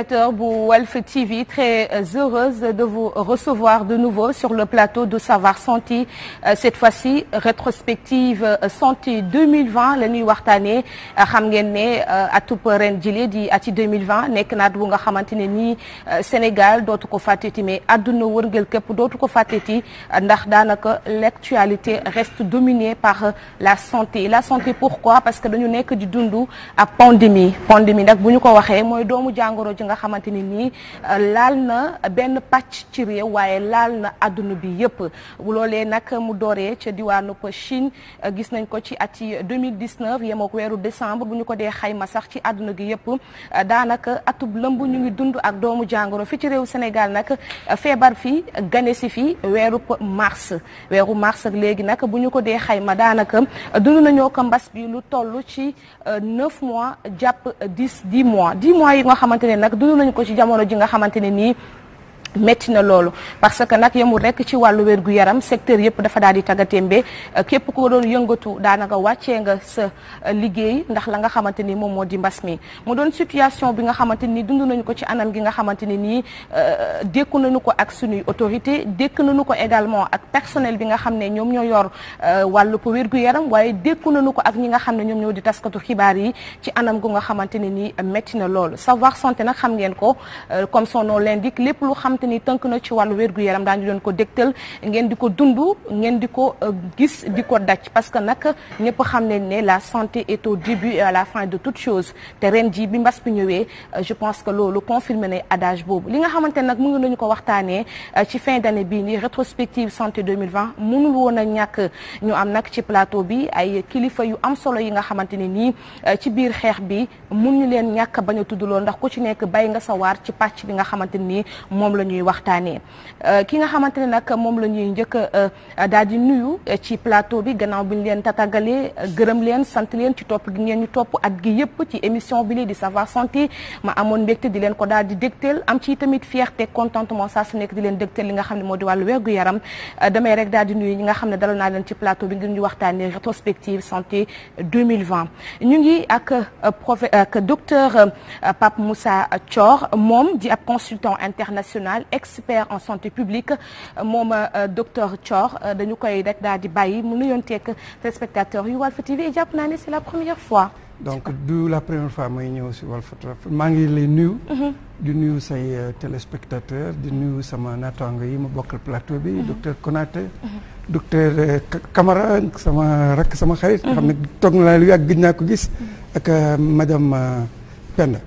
indicateur bu Walf TV très euh, heureuse de vous recevoir de nouveau sur le plateau de Savoir Santé euh, cette fois-ci rétrospective euh, santé 2020 la ñuy waxtaanee xam ngeen ne atub ren jile di ati 2020 nekk naat bu nga xamante ne nii Sénégal dootu ko fàtteti mais àdduna wërngël képp dootu ko fàtteti ndax daanaka l'actualité reste dominée par la santé la santé pourquoi parce que dañu nekk di dund ab pandémie pandémie nag bu ñu ko waxee mooy doomu jàngoro ji nga xamante ni euh, laal na benn pàcc ci réew waaye laal na àdduna bi yëpp loolee nag mu dooree ci diwaanu Chine euh, gis nañ ko ci at yi 2019 yem ak weeru décembre bu ñu ko dee xayma sax ci àdduna gi yëpp euh, daanaka atub lëmb ñu ngi dund ak doomu jàngoro fi ci réew Sénégal nag feebar fi gane si fi weeru mars weeru mars ak léegi nag bu ñu ko dee xayma daanaka dund nañoo ko mbas bi lu toll ci 9 mois jàpp 10 10 mois 10 yi nga xamante ne nag dund nañ ko ci jamono jamono ji nga xamante ne nii métti na loolu parce que nag yemul rek ci wàllu wérgu yaram secteur yëpp dafa daal di tagatémbe euh, képp ko doon yëngatu daanaka wàccee nga sa euh, liggéey ndax la nga xamante ni moom moo di mbas mi mu doon situation bi nga xamante ni dund nañu ko ci anam gi nga xamante ni nii euh, dékku na nañu ko ak suñuy autorité dékku nañu ko également ak personnel bi nga xam ne ñoom ñoo yor wàllu po wérgu yaram waaye dékku na nañu ko ak ñi nga xam ne ñoom ñoo di taskatu xibaar yi ci anam gu nga xamante ni nii métti na loolu savoir santé nag xam ngeen ko xamante ni tënk na ci wàllu wérgu yaram daañu doon ko dégtal ngeen di ko dund ngeen di ko euh, gis di ko daj parce que nag ñëpp xam nañ ne la santé est au début et à la fin de tout chose te ren ji bi mbas bi ñëwee euh, je pense que loolu confirmé na adage boobu li nga xamante nag mu ngi nañu ko waxtaanee euh, ci fin d'année bii nii rétrospective santé 2020 mënul woon a ñàkk ñu am nag ci plateau bi ay kilifa yu am solo yi nga xamante ne nii ci biir xeex bi mun ñu leen ñàkk baña a ndax ku ci nekk bàyyi nga sa ci pàcc bi nga xamante ni moom la ñuy waxtaanee euh, ki nga xamante ne nag moom la ñuy njëkk a euh, daal di nuyu euh, ci plateau bi gannaaw bi ñu leen tatagalee gërëm leen sant leen ci topp gi ngeen ñu topp at gi yëpp ci émission bi lii di Savoir Santé ma amoon mbégte di leen ko daal di dégteel am ci tamit fierté contentement saa su nekk di leen dégteel li nga xam ne moo di wàllu wergu yaram damay rek daal di nuyu ñi nga xam ne dalal naa leen ci plateau bi ngir ñu waxtaanee rétrospective santé 2020 ñu ngi ak prof ak docteur Pape Moussa Thior moom di Fall expert en santé publique moom euh, docteur Thior euh, dañu koy rek daal di bàyyi mu nuyonteeg téléspectateurs yu Walf TV et jàpp naa ne c'est la première fois. donc du la première fois mooy ñëw si Walf TV maa ngi lay nuyu. Mhm. di nuyu say euh, téléspectateur di nuyu sama naataango yi ma bokkal plateau bi. Mhm. docteur Konaté. Mhm. docteur Camara sama rakk sama xarit. xam ne toog na la lu yàgg naa ko gis. ak madame Penda.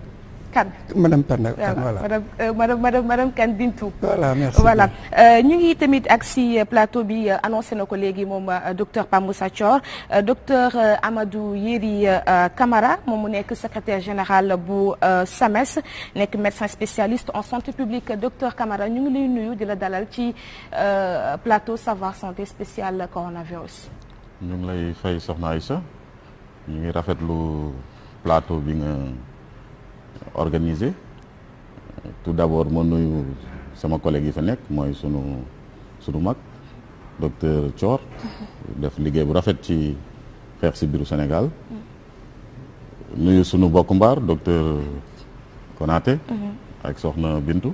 Kane madame Penda Kane voilà euh, madame madame madame Kane Bintou. voilà merci voilà euh, ñu ngi tamit ak si euh, plateau bi annoncé na ko léegi moom docteur Pape Moussa Thior docteur Amadou Yeri Camara moom mu nekk secretaire général bu SAMES nekk médecin spécialiste en santé publique docteur Camara ñu ngi lay nuyu di la dalal ci plateau Savoir Santé spécial coronavirus. ñu ngi lay fay soxna Aïssa ñu ngi rafetlu plateau bi nga. organisé tout d'abord ma nuyu sama collègue yi fa nekk mooy sunu sunu mag docteur Thior def liggéey bu rafet ci xeex si biiru Sénégal nuyu sunu bokk mbaar docteur Konaté ak soxna Bintu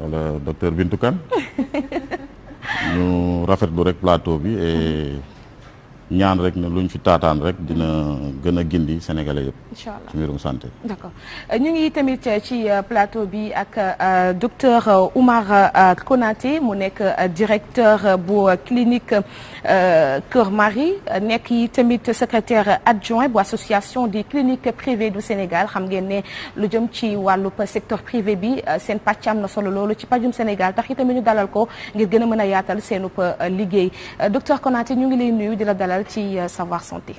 wala docteur Bintu Kane ñu rafetlu rek plateau bi et ñaan rek lu ñu ci taataan rek dina gën a gindi sénégalais yëpp. incha allah ci mbirum santé. d'accord euh, ñu ngi tamit euh, ci euh, plateau bi ak docteur Oumar Konaté mu nekk directeur bu clinique Cœur Marie nekk yi tamit secrétaire adjoint bu association des cliniques privées du Sénégal xam ngeen ne lu jëm ci wàllub secteur privé bi seen pàcc am na solo loolu ci pajum Sénégal tax itamit ñu dalal ko ngir gën a mën a yaatal seenu liggéey docteur Konaté ñu ngi lay nuyu dalal. ci euh, Savoir Santé.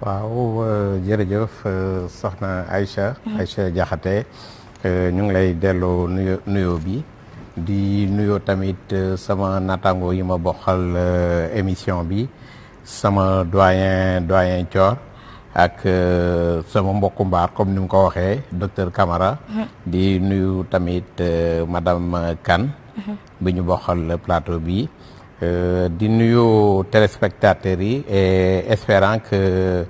waaw euh, jërëjëf euh, soxna Aïcha. Mhm. Aïcha Diakhaté ñu ngi lay delloo nuyo nuyoo bi di nuyoo tamit sama natango yi ma bokkal émission bi sama doyen doyen Thior. ak sama mbokku mbaar comme ni mu ko waxee docteur Camara. Mhm. di nuyu tamit madame kan mhm. bi ñu bokkal plateau bi Euh, di nuyu téléspectateurs yi et espérant que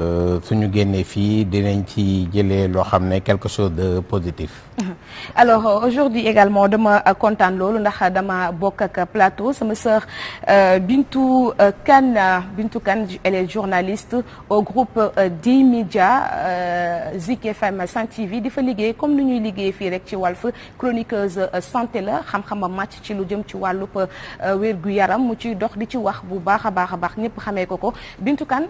euh, suñu génnee fii dinañ ci jëlee loo xam ne quelque chose de positif. alors euh, aujourd'hui également dama euh, kontaan loolu ndax dama bokk ak plateau sama sœur euh, Bintou Kane Bintou Kane elle est journaliste au groupe D-Media Zik FM 5 TV di fa liggéey comme nu ñuy liggéey fii rek ci Walf chroniqueuse santé la xam-xamam màcc ci lu jëm ci wàllub wérgu yaram mu ciy dox di ci wax bu baax a baax a baax ñëpp xamee ko ko kan Kane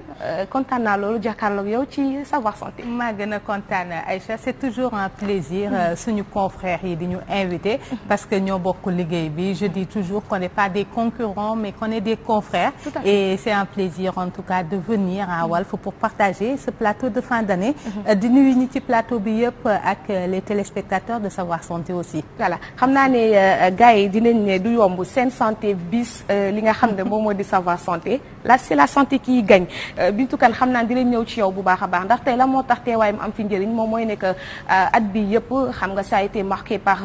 kontaan naa loolu jàkkaarloog yow ci savoir santé. maa gën a kontaan Aïcha c'est toujours un plaisir. suñu confrères yi di ñu invité parce que ñoo bokk liggéey bi je dis toujours qu'on n'est pas des concurrents mais qu'on est des confrères et c'est un plaisir en tout cas de venir à mm-hmm. Walf pour partager ce plateau de fin d'année mm-hmm. euh, di nuyu ñi ci plateau bi yëpp ak euh, les téléspectateurs de Savoir Santé aussi voilà xam naa ne euh, gars yi dinañ ne du yomb seen santé bis li nga xam ne moom moo di Savoir Santé la c'est la santé qui gagne euh, Bintou Kane xam naa dinañ ñëw ci yow bu baax a baax ndax tey la moo tax teewaay teewaayam am fi njëriñ moom mooy nekk euh, at bi yëpp xam nga ça a été par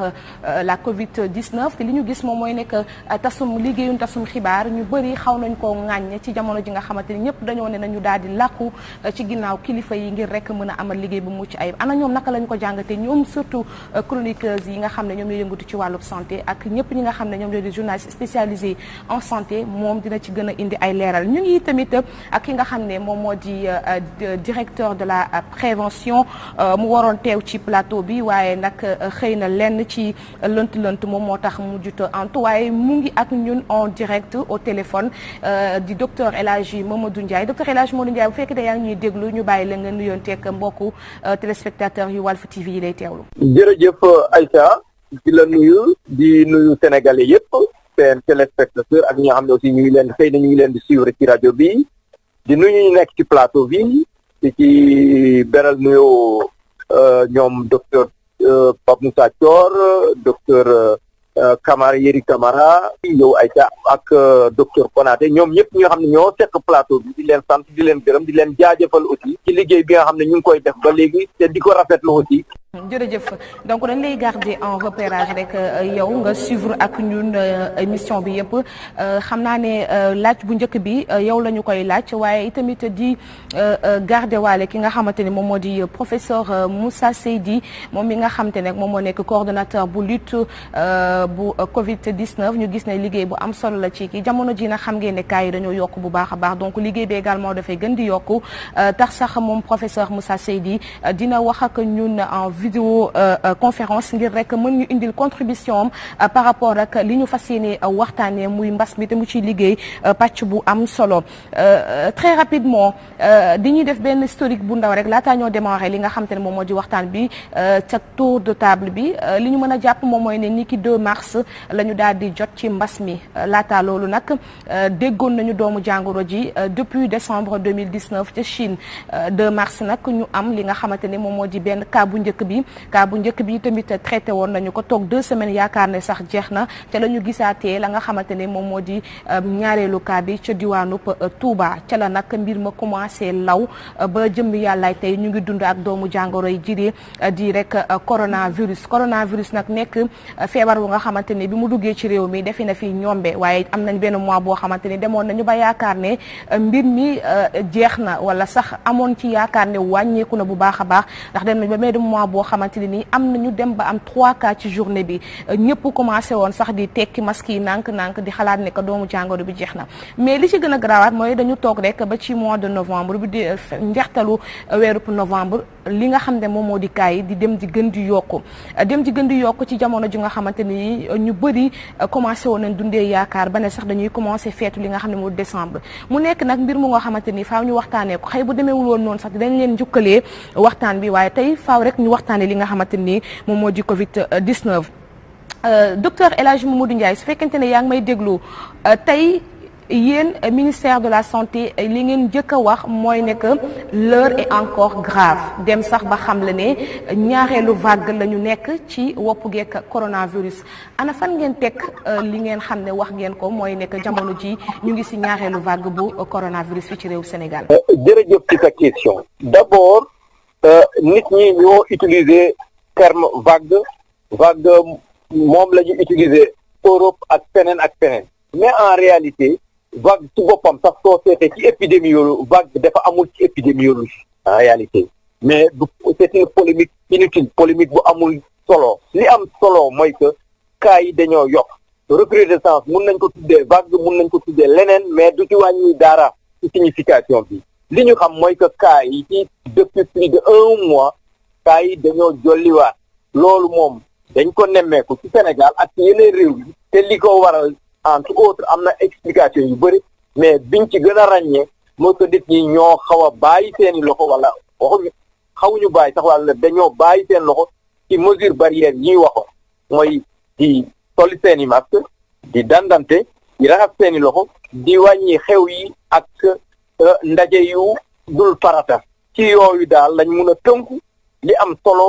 euh, la Covid 19 te li ñu gis moom mooy nekk tasum liggéeyum tasum xibaar ñu bëri xaw nañ koo ŋàññ ci jamono ji nga xamante ni ñëpp dañoo ne nañu daal di làkku ci ginnaaw kilifa yi ngir rek mën a amal liggéey bu mucc ayib ana ñoom naka lañ ko jàngatee ñoom surtout chroniqueurs yi nga xam ne ñoom ñooy yëngatu ci wàllu santé ak ñëpp ñi nga xam ne ñoom ñoo di journalistes spécialisés en santé moom dina ci gën a indi ay leeral ñu ngi tamit ak ki nga xam ne moom moo di euh, euh, directeur de la euh, prévention mu waroon teew ci plateau bi waaye nag xëy na lenn ci lënt-lënt moom moo tax mu juta antu waaye mu ngi ak ñun en direct au téléphone di docteur El Hadji Mamadou Ndiaye docteur El Hadji Mamadou Ndiaye bu fekk da yaa ngi ñuy déglu ñu bàyyi la nga nuyonteeg mbokku téléspectateurs yu Walf TV yi lay teewlu. jërëjëf Aïcha di la nuyu di nuyu Sénégalais yëpp. seen téléspectateur ak ñi xam ne aussi ñu ngi leen xëy na ñu ngi leen di suivre ci rajo bi di nuyu ñu nekk ci plateau bi di ci beral nuyoo euh, ñoom docteur euh, Pape Moussa Thior docteur euh, Camara Yeri Camara yow Aïcha ak docteur Konaté ñoom ñëpp ñoo xam ne ñoo seq plateau bi di leen sant di leen gërëm di leen jaajëfal aussi ci liggéey bi nga xam ne ñu ngi koy def ba léegi te di ko rafetlu aussi jërëjëf donc dañ lay garder en repérage rek euh, yow nga suivre ak ñun euh, émission bi yëpp euh, xam naa ne laaj bu njëkk bi yow la ñu koy laaj waaye itamit di garder waale ki nga xamante ni moom moo di professeur Moussa Seydi moom mi nga xamante ne moom moo nekk coordinateur bu lutte bu Covid 19 ñu gis ne liggéey bu am solo la ci kii jamono ji na xam ngeen ne cas yi dañoo yokk bu baax a baax donc liggéey bi également dafay gën di yokk tax sax moom professeur Moussa Seydi dina wax ak ñun vidéo euh, euh, conférence ngir rek mën ñu indil contribution euh, par rapport ak li ñu fas yéene waxtaanee muy mbas mi te mu ci liggéey pàcc bu am solo très rapidement dañuy def benn historique bu ndaw rek laataa ñoo démarrer li nga xam te ne moom moo di waxtaan bi ca tour de table bi li ñu mën a jàpp moom mooy ne ni ki 2 mars la ñu daal di jot ci mbas mi laataa loolu nag déggoon nañu doomu jàngoro ji depuis décembre 2019 ca Chine 2 mars nag ñu am li nga xamante ne moom moo ji benn cas njëkk bi bi cas bu njëkk bi tamit traité woon nañu ko toog deux semaines yaakaar ne sax jeex na ca la ñu gisaatee la nga xamante ne moom moo di euh, ñaareelu cas bi ca diwaanu euh, Touba ca la nag mbir ma commencé law euh, ba jëm yàllaay tey ñu ngi dund ak doomu jàngoro yi jiri di rek coronavirus coronavirus nag nekk feebar bu nga xamante ne bi mu duggee ci réew mi defi na fi ñombe waaye am nañ benn mois boo xamante ne demoon nañu ba yaakaar ne mbir mi jeex na wala sax amoon ci yaakaar ne wàññeeku na bu baax a baax ndax dem nañ ba boo xamante ne ni am nañu dem ba am 3 cas ci journée bi euh, ñëpp commencé woon sax di tekki masque yi nànk-nànk di xalaat ne que doomu jàngoro bi jeex na mais li ci gën a garaawaat mooy dañu toog rek ba ci mois de novembre bi di euh, njeextalu euh, weerub novembre li nga xam ne moom moo di kaay di dem di gën di yokku dem di gën di yokk ci jamono ji nga xamante ni ñu bëri commencé woon nañ dundee yaakaar ba ne sax dañuy commencé feetu li nga xam ne moo décembre mu nekk nag mbir mu nga xamante ni faaw ñu waxtaanee ko xëy bu demeewul woon noonu sax dinañ leen njukkalee waxtaan bi waaye tey faaw rek ñu waxtaanee li nga xamante ni moom moo di Covid 19 euh, docteur El Hadj Mamadou Ndiaye su fekkente ne yaa ngi may déglu euh, tey yéen ministère de la santé li ngeen njëkk a wax mooy ne que l'heure est encore grave dem sax ba xam la ne ñaareelu vague la ñu nekk ci wopp geek coronavirus ana fan ngeen teg euh, li ngeen xam ne wax ngeen ko mooy ne jamono ji ñu ngi si ñaareelu vague bu coronavirus fi ci réew Sénégal. Euh, jërëjëf ci sa question. d'abord euh, nit ñi ñoo utiliser terme vague vague moom la ñu Europe ak feneen ak feneen. mais en réalité vague ci boppam sax soo seetee ci épidémiologie vague dafa amul ci épidémiologie en réalité mais du c'est une polémique inutile polémique bu amul solo li am solo mooy que cas yi dañoo yokk de recrudescence mun nañ ko tuddee vague mun nañ ko tuddee leneen mais du ci wàññi dara ci signification bi li ñu xam mooy que cas yi ci depuis plus de un mois cas yi dañoo jolliwaat loolu moom dañ ko nemmeeku ci Sénégal ak yeneen réew yi te li ko waral entre autres am na explication yu bëri mais biñ ci gën a ràññee moo que nit ñi ñoo xaw a bàyyi seen loxo wala waxuñu xawuñu bàyyi sax wala dañoo bàyyi seen loxo ci mesure barrière yi ñuy waxoon mooy di tolli seen i di dandante di raxas seen loxo di wàññi xew yi ak euh, ndaje yu dul farata ci yooyu daal lañ mun a tënku li am solo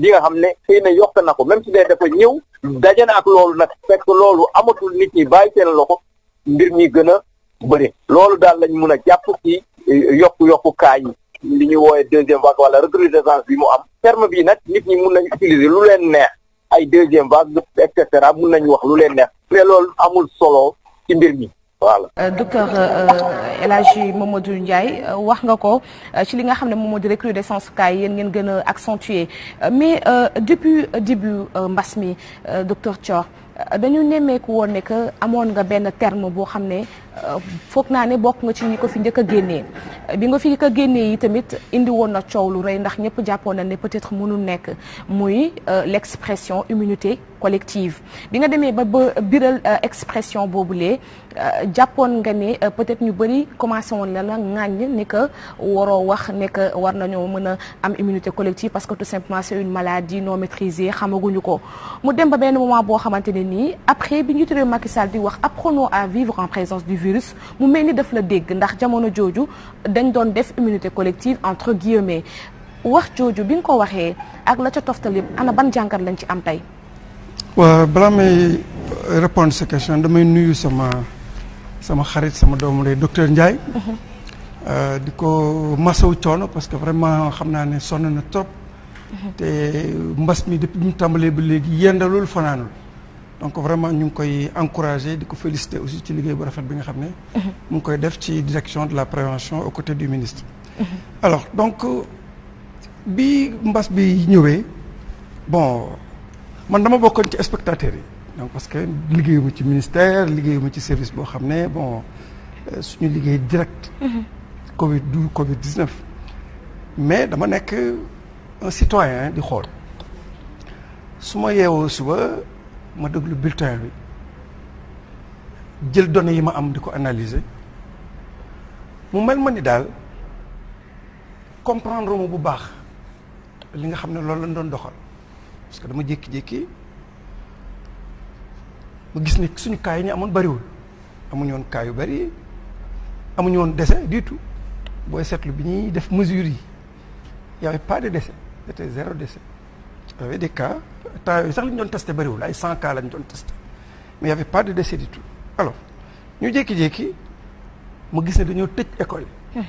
li nga xam ne xëy na yokk na ko même si dee dafa ñëw daje na ak loolu nag fekk loolu amatul nit ñi bàyyi seen ko mbir mi gën a bëri loolu daal lañ mun a jàpp ci eh, yokku yokku kaay yi li ñuy woowee deuxième vague wala recrudescence bi mu am terme bii nag nit ñi mun nañ utiliser lu leen neex ay deuxième vague et cetera mun nañu wax lu leen neex mais loolu amul solo ci mbir mi voilà euh, docteur euh, El Hadji Mamadou Ndiaye euh, wax nga ko ci li nga xam ne moom moo di recrudescence cas yéen ngeen gën a accentué mais depuis début mbas mi docteur Thior dañu nemmeeku woon ne que amoon nga benn terme boo xam ne foog naa ne bokk nga ci ñi ko fi njëkk a génnee bi nga fi njëkk a génnee yi tamit indi woon na coow lu rëy ndax ñëpp jàppoon na ne peut-être mënul nekk muy euh, l'expression immunité collective bi nga demee ba ba biral euh, expression boobulee euh, jàppoon nga ne peut-être ñu bëri commencé woon la la ŋàññ ni que waroo wax ne que war ñoo mën a am immunité collective parce que tout simplement c'est une maladie non maîtrisée xamaguñu ko mu dem ba benn moment boo xamante nii après ñu tuddee Macky virus mu mel ni daf la dégg ndax jamono jooju dañ doon def immunité collective entre guillemets wax jooju bi nga ko waxee ak la ca toftal yëpp ana ban jàngat lañ ci am tey. waaw balaa may répondre sa question damay nuyu sama sama xarit sama doom lay docteur Ndiaye. Mm-hmm. Euh, di ko masaw coono parce que vraiment xam naa ne sonn na trop. Mm-hmm. te mbas mi depuis mu tàmbalee ba léegi yendalul fanaanul donc vraiment ñu ngi koy encourager di ko féliciter aussi ci liggéey bu rafet bi nga xam ne. Mhm. mu ngi koy def ci direction de la prévention aux côtés du ministre. Mhm. alors donc bi mbas bi ñëwee bon man dama bokkoon ci spectateurs yi. donc parce que liggéeyuma ci ministère liggéeyuma ci service boo xam ne bon euh, suñu liggéey direct. Mhm. Covid du Covid 19. mais dama nekk un citoyen di xool su ma yeewoo suba. ma déglu bulletin bi jël données yi ma am di ko analyser mu mel ma ni daal comprendre mu bu baax li nga xam ne loolu lañ doon doxal parce que dama jékki-jékki mu gis ne suñu cas yi ñu amoon bariwul amuñu woon cas yu bari amuñu woon décès du tout booy seetlu bi ñuy def mesures yi y avait pas de décès c'était zéro décès y avait des cas temps sax liñ doon testé bariwul ay 100 cas lañ doon testé mais y avait pas de décès tout alors ñu jékki-jékki ma gis ne dañoo tëj école yi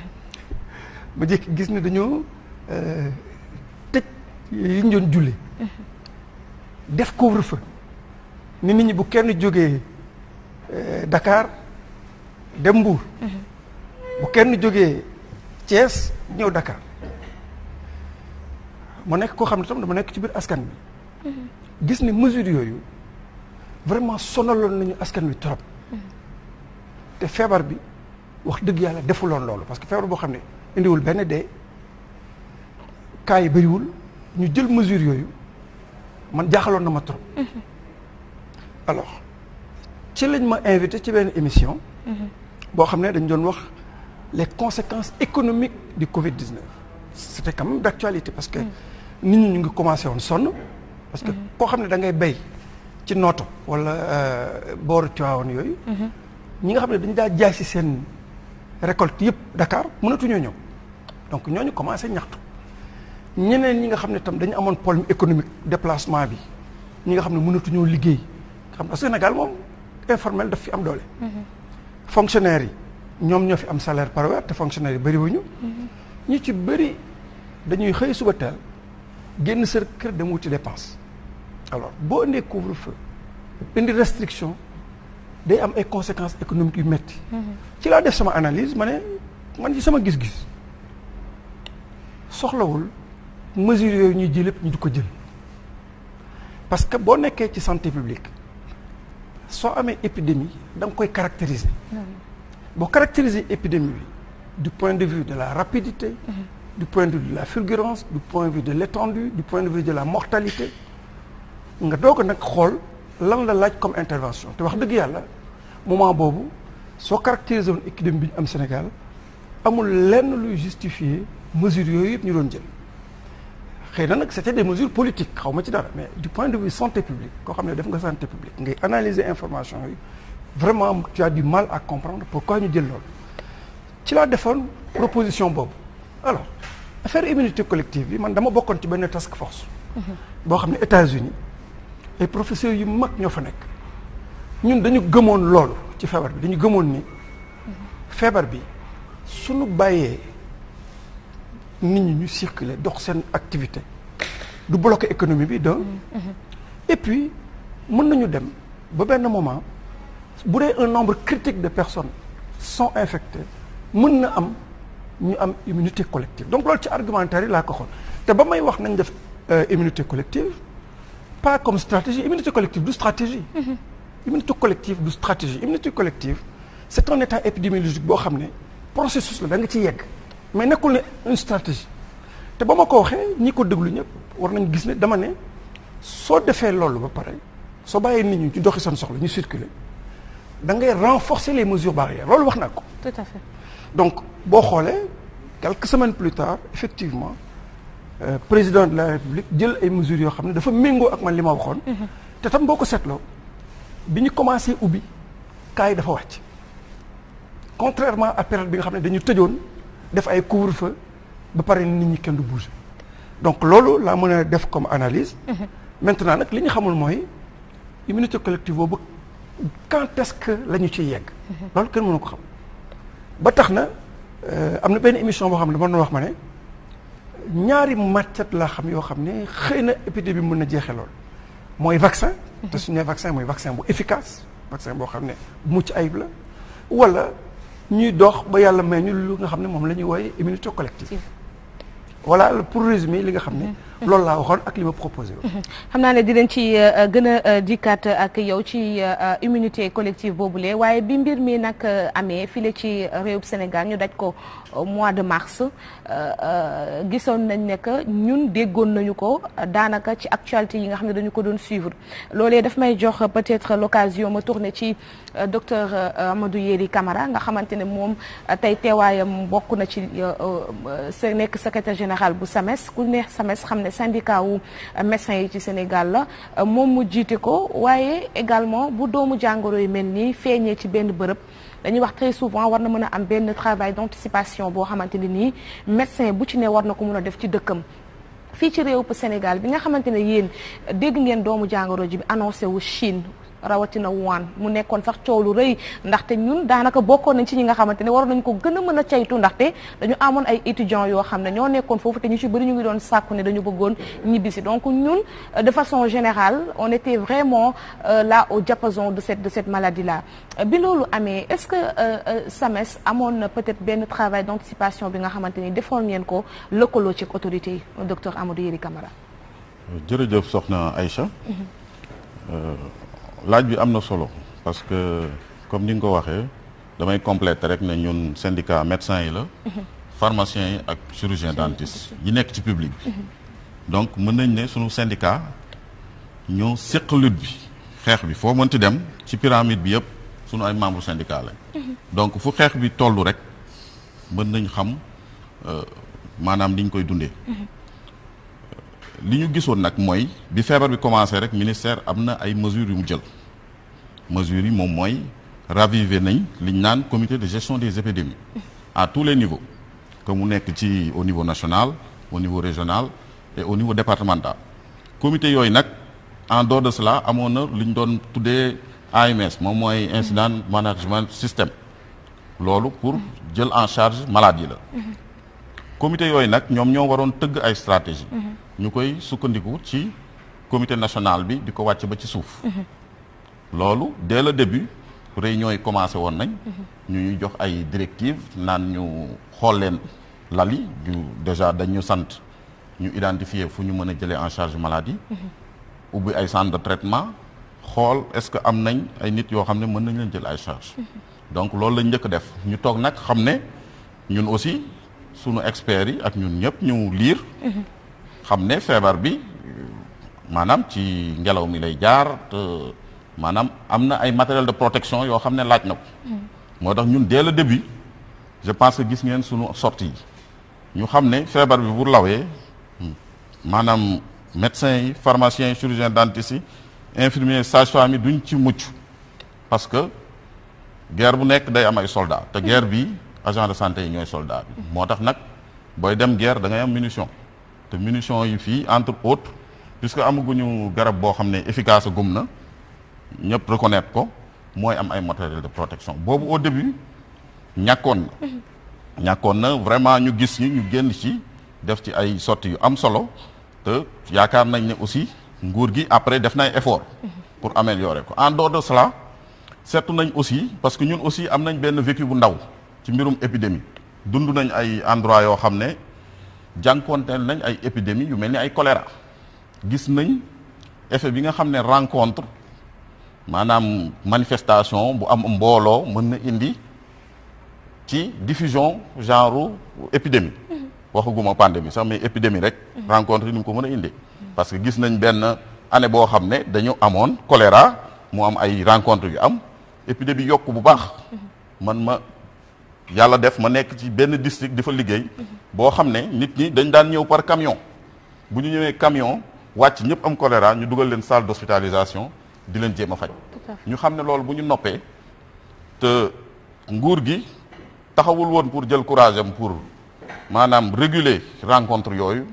ma gis ne dañoo euh, tëj yi doon julli def couvre-feu ni nit ñi bu kenn jógee euh, Dakar dem Mbour bu kenn jógee Thiès ñëw Dakar mu nekk koo xam ne tam dama nekk ci biir askan bi gis ni mesures yooyu vraiment sonaloon nañu askan wi trop. te feebar bi wax dëgg yàlla defuloon loolu parce que feebar boo xam ne indiwul benn dee cas yi bëriwul ñu jël mesures yooyu man jaaxaloon na ma trop. alors ci lañ ma invité ci benn émission. boo xam ne dañ doon wax les conséquences économiques di Covid 19. c'était quand même d'actualité parce que nit ñi ñu ngi commencé woon sonn. parce que mm-hmm. koo xam ne da ngay béy ci nooto wala euh, booru Tiwaawan yooyu mm-hmm. ñi nga xam ne dañu daa jaay si seen récolte yëpp dakaar mënatuñoo ñëw donc ñooñu commencé ñaxtu ñeneen ñi nga xam ne tam dañu amoon problème économique déplacement bi ñi nga xam ne mënatuñoo liggéey xam nga Sénégal moom informel daf fi am doole mm-hmm. fonctionnaires yi ñoom ñoo fi am salaire par weer te fonctionnaire yi bëri ñu ci bëri dañuy xëy suba teel génn seen kër dem wuti dépense alors boo indee couvre-feu indi restriction day am ay conséquences économiques yu metti mhm. ci laa def sama analyse ma ne man ci sama gis-gis soxlawul mesures yooyu ñuy jël lépp ñu du ko jël parce que boo nekkee ci santé publique soo amee épidémie da koy caractériser mhm. boo caractériser épidémie bi du point de vue de la rapidité mhm. du point de vue de la fulgurance du point de vue de l'étendue du point de vue de la mortalité nga doog ko nag xool lan la laaj comme intervention te wax dëgg yàlla moment boobu soo caractérisé woon équilibre bi ñu am Sénégal amul lenn luy justifier mesures yooyu yëpp ñu doon jël xëy na nag c'était de mesures politiques xaw ma ci dara mais du point de vue santé publique koo xam ne def nga santé publique ngay analyser information yi vraiment tu as du mal à comprendre pourquoi ñu jël loolu ci laa defoon proposition boobu alors affaire immunité collective bi man dama bokkoon ci benn task force. Mhm. boo xam ne États-Unis ay professeurs yu mag ñoo fa nekk ñun dañu gëmoon loolu ci feebar bi dañu gëmoon ni feebar bi suñu bàyyee nit ñi ñu circuler dox seen activité du bloquer économie bi donc mm-hmm. et puis mën nañu dem ba benn moment bu dee un nombre critique de personnes sont infectées mun na am ñu am immunité collective donc loolu ci argumentaire yi laa ko xool te ba may wax nañ def euh, immunité collective pas comme stratégie immunité collective du stratégie immunité collective du stratégie immunité collective c'est un état épidémiologique boo xam ne processus la da nga ci yegg mais nekkul ne une stratégie te ba ma ko waxee ñi ko déglu ñëpp war nañ gis ne dama ne soo defee loolu ba pare soo bàyyee nit ñi ñu doxi seen soxla ñu circuler da ngay renforcer les mesures barrières loolu wax naa ko. tout à fait donc boo xoolee quelque semaine plus tard effectivement. Euh, président de la république jël ay mesures yoo xam ne dafa méngoo ak man li ma waxoon. Mhm. te tam boo ko seetloo bi ñu commencé ubbi cas yi dafa wàcc. contrairement à période bi nga xam ne dañu tëjoon def ay couvre-feu ba pare nit ñi kenn du bouger donc loolu laa mën a def comme analyse. Mhm. maintenant li ñu xamul mooy immunité collective boobu quand est-ce que la ñu yegg. Mhm. loolu kenn mënu ko xam ba tax na euh, am na benn émission boo xam ne mën wax ma ne. ñaari màccat laa xam yoo xam ne xëy na épidémie bi mën na jeexe lool mooy vaccin mhm. te suñu nee vaccin mooy vaccin bu efficace vaccin boo xam ne mucc ayib la wala ñuy dox ba yàlla may ñu lu nga xam ne moom la ñuy wooye immunité collective voilà pour résumer li nga xam ne mhm. loolu laa waxoon ak li ma proposé naa ne dinañ ci euh, euh, gën a euh, ak yow ci immunité collective boobule waaye bi mbir mii nag amee file ci réewum Sénégal ñu daj ko mois de mars gisoon nañ ne que ñun déggoon nañu ko daanaka ci actualité yi nga xam ne dañu ko doon suivre loolee daf may jox peut-être l'occasion ma tourner ci docteur Amadou Yeri Camara nga xamante ne moom tey teewaayam bokk na ci nekk secrétaire général bu SAMES ku neex SAMES xam ne syndicat wu euh, médecins yi ci Sénégal la euh, moom mu jiite ko waaye également bu doomu jàngoro yu mel nii feeñee ci benn bërëb dañuy wax très souvent war na mën a am benn travail d'anticipation boo xamante ni nii médecin bu ci ne war na ko mën a def ci dëkkam fii ci réew Sénégal bi nga xamante ne yéen dégg ngeen doomu jàngoro ji bi annoncé wu Chine rawatina waan mu nekkoon sax coow lu rëy ndaxte ñun daanaka bokkoon nañ ci ñi nga xamante ne war nañ ko gën a mën a caytu ndaxte dañu amoon ay étudiants yoo xam ne ñoo nekkoon foofu te ñu ci bëri ñu ngi doon sàkku ne dañu bëggoon ñibbisi donc ñun euh, de façon général on était vraiment euh, là au diapason de cette de cette maladie là euh, bi loolu amee est-ce que SAMES amoon na peut-être benn travail d'anticipation bi nga xamante ni defoon ngeen ko lëkkaloo ci autorité yi docteur Amadou Yeri Camara jërëjëf soxna Aïcha mhm. laaj bi am na solo parce que comme ni nga ko waxee damay compléter rek na ñun syndicat médecins yi la pharmaciens yi ak chirurgien dentiste yi nekk ci public bi donc mën nañ ne suñu syndicat ñoo séq lutte bi xeex bi foo mënti dem ci pyramide bi yëpp sunu ay membre syndicat lañ donc fu xeex bi toll rek mën nañ xam euh, maanaam liñ koy dundee li ñu gisoon nag mooy bi feebar bi commencé rek ministère am na ay mesures yu mu jël mesures yi moom mooy raviver nañ li ñu naan comité de gestion des épidémies à tous les niveaux que mu nekk ci au niveau national au niveau régional et au niveau départemental comité yooyu nag en dehors de cela amoon na li ñu doon tuddee AMS moom mooy incident management système loolu pour jël en charge maladie la mm-hmm. comité yooyu nag ñoom ñoo waroon tëgg ay stratégie mm-hmm. ñu koy sukkandiku ci comité national bi di ko wàcc ba ci suuf. Mhm. loolu de le début réunion yi commencé woon nañ. Mhm. ñu ñuy jox ay directives naan ñu xool leen lal yi ñu déjà dañu sant ñu identifier fu ñu mën a jëlee en charge maladie. Mhm. ubbi ay centre de traitement xool est-ce que am nañ ay nit yoo xam ne mën nañ leen jël ay charge donc loolu lañ njëkk def ñu toog nag xam ne ñun aussi sunu experts yi ak ñun ñëpp ñu liir. xam ne feebar bi maanaam ci ngelaw mi lay jaar te maanaam am na ay matériel de protection yoo xam ne laaj na ko. Mm. moo tax ñun dès le début je pense que gis ngeen sunu sortie ñu xam ne feebar bi bu lawee maanaam médecins yi pharmaciens yi chirurgiens dentistes yi infirmiers sages-femmes yi duñ ci mucc parce que guerre bu nekk day am ay soldats te guerre bi agent de santé yi ñooy soldat bi mm. moo tax nag booy dem guerre da ngay am munition. te munitions yi fii entre autres puisque amaguñu garab boo xam ne efficace gum na ñëpp reconnaître ko mooy am ay matériel de protection boobu au début ñàkkoon na ñàkkoon na vraiment ñu gis ñu génn ci def ci ay sotti yu am solo te yaakaar nañ ne aussi nguur gi après def na ay effort pour améliorer ko en dehors de cela seetlu nañ aussi parce que ñun aussi am nañ benn vécu bu ndaw ci mbirum épidémie dund nañ ay endroit yoo xam ne jànkuwanteel nañ ay épidémie yu mel ni ay choléra gis nañ effet bi nga xam ne rencontre maanaam manifestation bu am mbooloo mën na indi ci diffusion genre épidémie mm-hmm. waxaguma pandémie sax mais épidémie rek mm-hmm. rencontre yi ni ko mën a indi mm-hmm. parce que gis nañ benn année boo xam ne dañu amoon choléra mu am ay rencontre yu am épidémie yokk bu baax man ma yàlla def ma nekk ci benn district di fa liggéey boo xam ne nit ñi dañ daan ñëw par camion bu ñu ñëwee camion wàcc ñëpp am choléra ñu dugal leen salle d'hospitalisation di leen jéem a faj ñu xam ne loolu bu ñu noppee te nguur gi taxawul woon pour jël courage pour maanaam réguler rencontre yooyu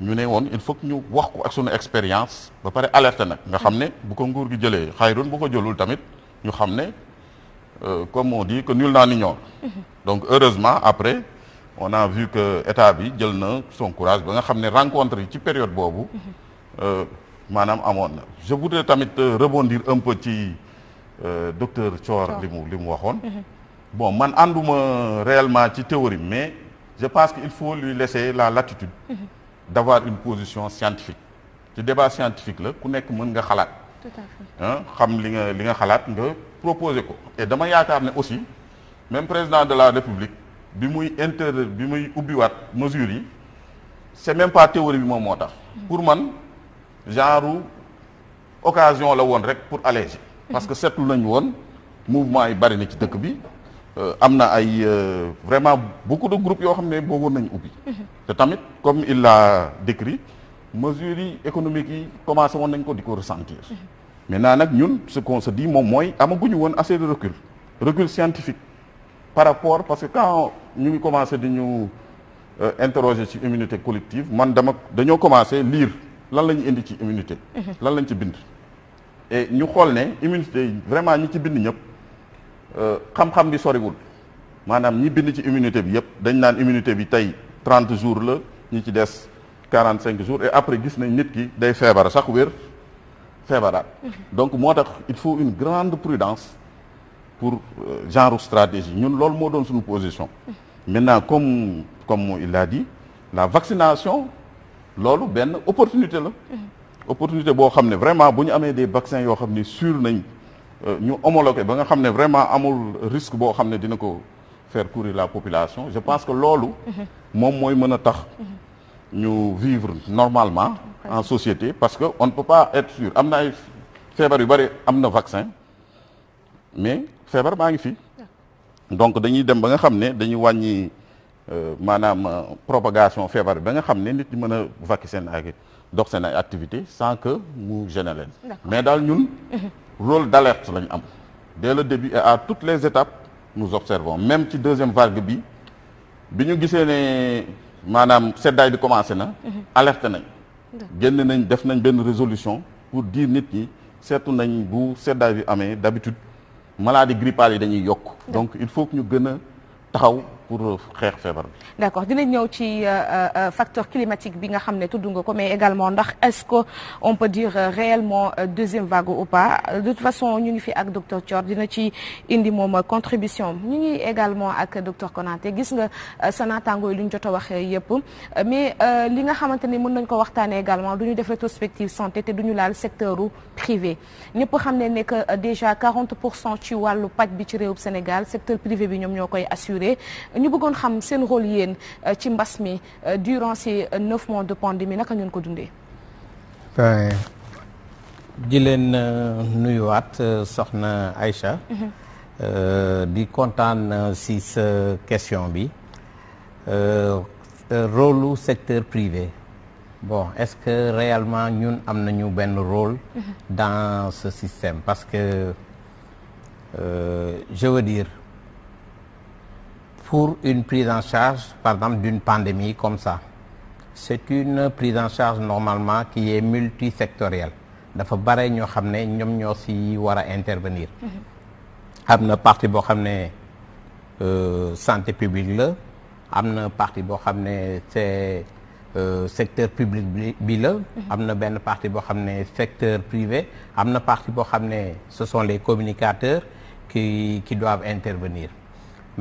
ñu ne woon il faut ñu wax ko ak suñu expérience ba pare alerte nag nga xam ne bu ko nguur gi jëlee xayroon bu ko jëlul tamit ñu xam ne euh, comme on dit que nul n'en ignore donc heureusement après on a vu que état bi jël na son courage ba nga xam ne rencontre yi ci période boobu euh, maanaam amoon na je voudrais tamit euh, rebondir un peu ci euh, docteur Thior li mu li mu waxoon bon man ànduma réellement ci théorie mais je pense il faut lui laisser la latitude d'avoir une position scientifique ci débat scientifique la ku nekk mën nga xalaat tout xam li nga li nga xalaat nga proposé ko dama yaakaar ne aussi même président de la république bi muy interdire bi muy ubbiwaat mesures yi c'est même pas théorie bi moom moo tax. pour man genre occasion la woon rek pour alléger. parce que seetlu nañu woon mouvement yi bari na ci dëkk bi euh, am na ay euh, vraiment beaucoup de groupes yoo xam ne bëggoon nañu ubbi. te tamit comme il l'a décrit mesures yi économiques yi commencé woon nañ ko di ko ressentir. mais maintenant nag ñun ce qu'on se dit moom mooy amaguñu woon assez de recul recul scientifique par rapport parce que quand ñu ngi commencé di ñu euh, interroger ci immunité collective man dama dañoo commencé liir lan la ñu indi ci immunité mhm. lan lañ ci bind et ñu xool ne immunité yi vraiment ñi ci bind ñëpp euh, xam-xam bi soriwul maanaam ñi bind ci immunité bi yëpp dañ naan immunité bi tey trente jours la ñi ci des quarante cinq jours et après gis nañ nit ki day feebar sax wér feebaraat donc moo tax il faut une grande prudence pour euh, genre stratégie ñun loolu moo doon suñu position maintenant comme comme il l'a di la vaccination loolu benn opportunité la opportunité boo xam ne vraiment bu ñu amee des vaccins yoo xam ni sûr nañ euh, ñu homologué ba nga xam ne vraiment amul risque boo xam ne dina ko faire courir la population je pense que loolu moom mooy mën a tax ñu vivre normalement en société parce que on ne pas être sûr am na ay feebar yu bëri am na vaccin mais feebar maa ngi fi donc dañuy dem ba nga xam ne dañuy wàññi euh, maanaam euh, propagation feebar bi ba nga xam ne nit ñi mën a vaquer seen ak dox seen ay activité sans que mu gêne leen mais daal ñun rôle d'alerte lañu am dès le début et à toutes les étapes nous observons même ci deuxième vague bi bi ñu gisee ne maanaam seddaay bi commencé na mhm. alerté nañ génn nañ def nañ benn résolution pour dire nit ñi seetu nañ bu seddaay bi amee d'habitude maladie grippale yi dañuy yokk donc il faut ñu gën a taxaw pour euh, xeex feebar bi. d' accord dinañ ñëw ci euh, euh, facteur climatique bi nga xam ne tudd nga ko mais également ndax est ce que on peut dire réellement deuxième vague ou de toute façon ñu ngi fi ak docteur Thior dina ci indi moom contribution ñu ngi également ak docteur Konaté gis nga sa naataango yi lu ñu jot a waxee yëpp mais li nga xamante ni mën nañ ko waxtaanee également du ñu def rétrospective santé te du ñu laal secteur privé ñëpp xam ne ne que déjà 40 pour cent ci wàllu paj bi ci réewum Sénégal secteur privé bi ñoom ñoo koy assuré. ñu bëggoon xam seen rôle yéen euh, ci mbas mi euh, durant ces euh, neuf mois de pandémie naka ngeen ko dundee. di leen nuyuwaat soxna Aïcha. Mhm. di kontaan si sa question bi rôle secteur privé bon est-ce que réellement ñun am nañu benn rôle. Mhm. dans ce système parce que euh, je veux dire. pour une prise en charge, par exemple, d'une pandémie comme ça. C'est une prise en charge normalement qui est multisectorielle. dafa bare ñoo xam ne ñoom ñoo si war a intervenir. Mm-hmm. am na partie boo xam ne euh, santé publique la am na partie boo xam ne c'est euh, secteur public bi la. Mm-hmm. am na benn partie boo xam ne secteur privé am na partie boo xam ne ce sont les communicateurs qui qui doivent intervenir.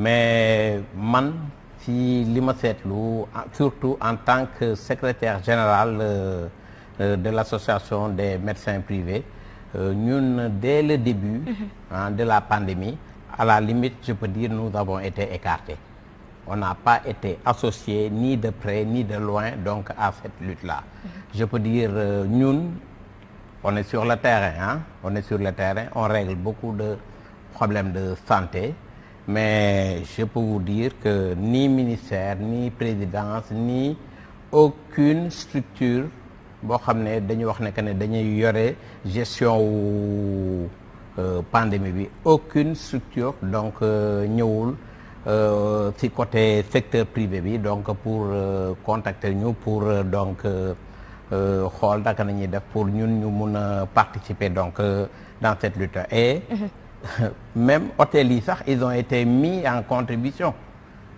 mais man ci li ma seetlu surtout en tant que secrétaire général euh, euh, de l'association des médecins privés euh, ñun dès le début mhm. de la pandémie à la limite je peux dire nous avons été écartés on n'a pas été associés ni de près ni de loin donc à cette lutte-là mhm. je peux dire ñun on est sur le terrain hein on est sur le terrain on règle beaucoup de problèmes de santé mais je peux vous dire que ni ministère ni présidence ni aucune structure boo xam ne dañu wax ne que ne dañuy yore gestion wu euh, pandémie bi aucune structure donc euh, ñëwul euh, ci côté secteur privé bi donc pour contacter ñu pour donc xool naka na ñuy def pour ñun ñu mun a participer donc dans cette lutte et mm-hmm. même hôtels yi sax ils ont été mis en contribution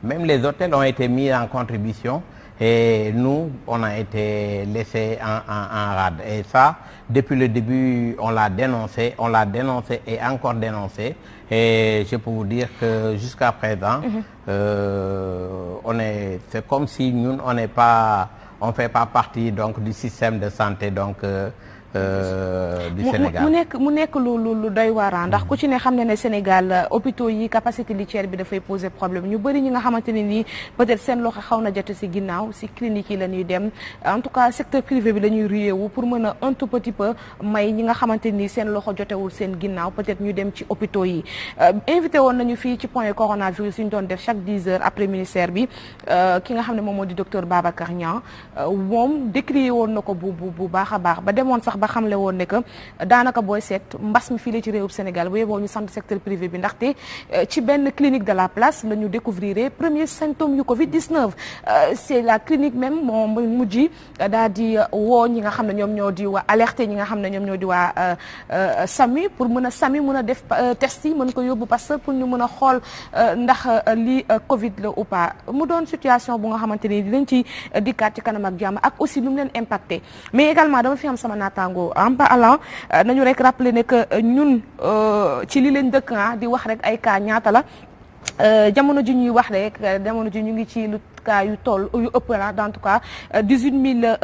même les hôtels ont été mis en contribution et nous on a été laissés en en en rade et ça depuis le début on l'a dénoncé on l'a dénoncé et encore dénoncé et je peux vous dire que jusqu'à présent mm -hmm. euh, on est c'est comme si ñun on n'est pas on fait pas partie donc du système de santé donc euh, Euh, du mu nekk mu nekk lu lu lu doy waaraan ndax ku ci ne xam ne ne Sénégal euh, hôpitaux yi capacité litière bi dafay poser problème ñu bëri ñi nga xamante ne nii peut-être seen loxo xaw na jot si ginnaaw si clinique yi la ñuy dem en tout cas secteur privé bi la ñuy ruyeewu pour mën a un tout petit peu may ñi nga xamante ni seen loxo jotewul seen ginnaaw peut-être ñu dem ci hôpitaux yi. Euh, invité woon nañu fii ci point coronavirus yi ñu doon def chaque dix heures après ministère bi ki nga xam ne moom moo di docteur Babacar Niang moom décrié woon na ko bu bu bu baax a demoon sax. ba xamle woon ne que euh, daanaka booy seet mbas mi fii la ci réewum Sénégal bu yeboo ñu sant secteur privé bi ndaxte euh, ci benn clinique de la place la ñu découvrir premier symptôme yu Covid 19. Euh, c'est la clinique même moo mujj daal di woo ñi nga xam ne ñoom ñoo di waa alerté ñi nga xam ne ñoom ñoo di waa SAMU pour mën a SAMU mën a def test yi mën ko yóbbu Pasteur pour ñu mën a xool ndax li Covid la ou mu doon situation bu nga xamante ni dinañ ci dikkaat ci kanam ak jàmm ak aussi nu leen impacté naataango en parlant euh, nañu rek rappeler ne que euh, ñun euh, ci li leen dëkk ah di wax rek ay ka ñaata la jamono ji ñuy wax rek jamono ji ñu ngi ci lu cas yu toll yu ëpp na en tout cas euh,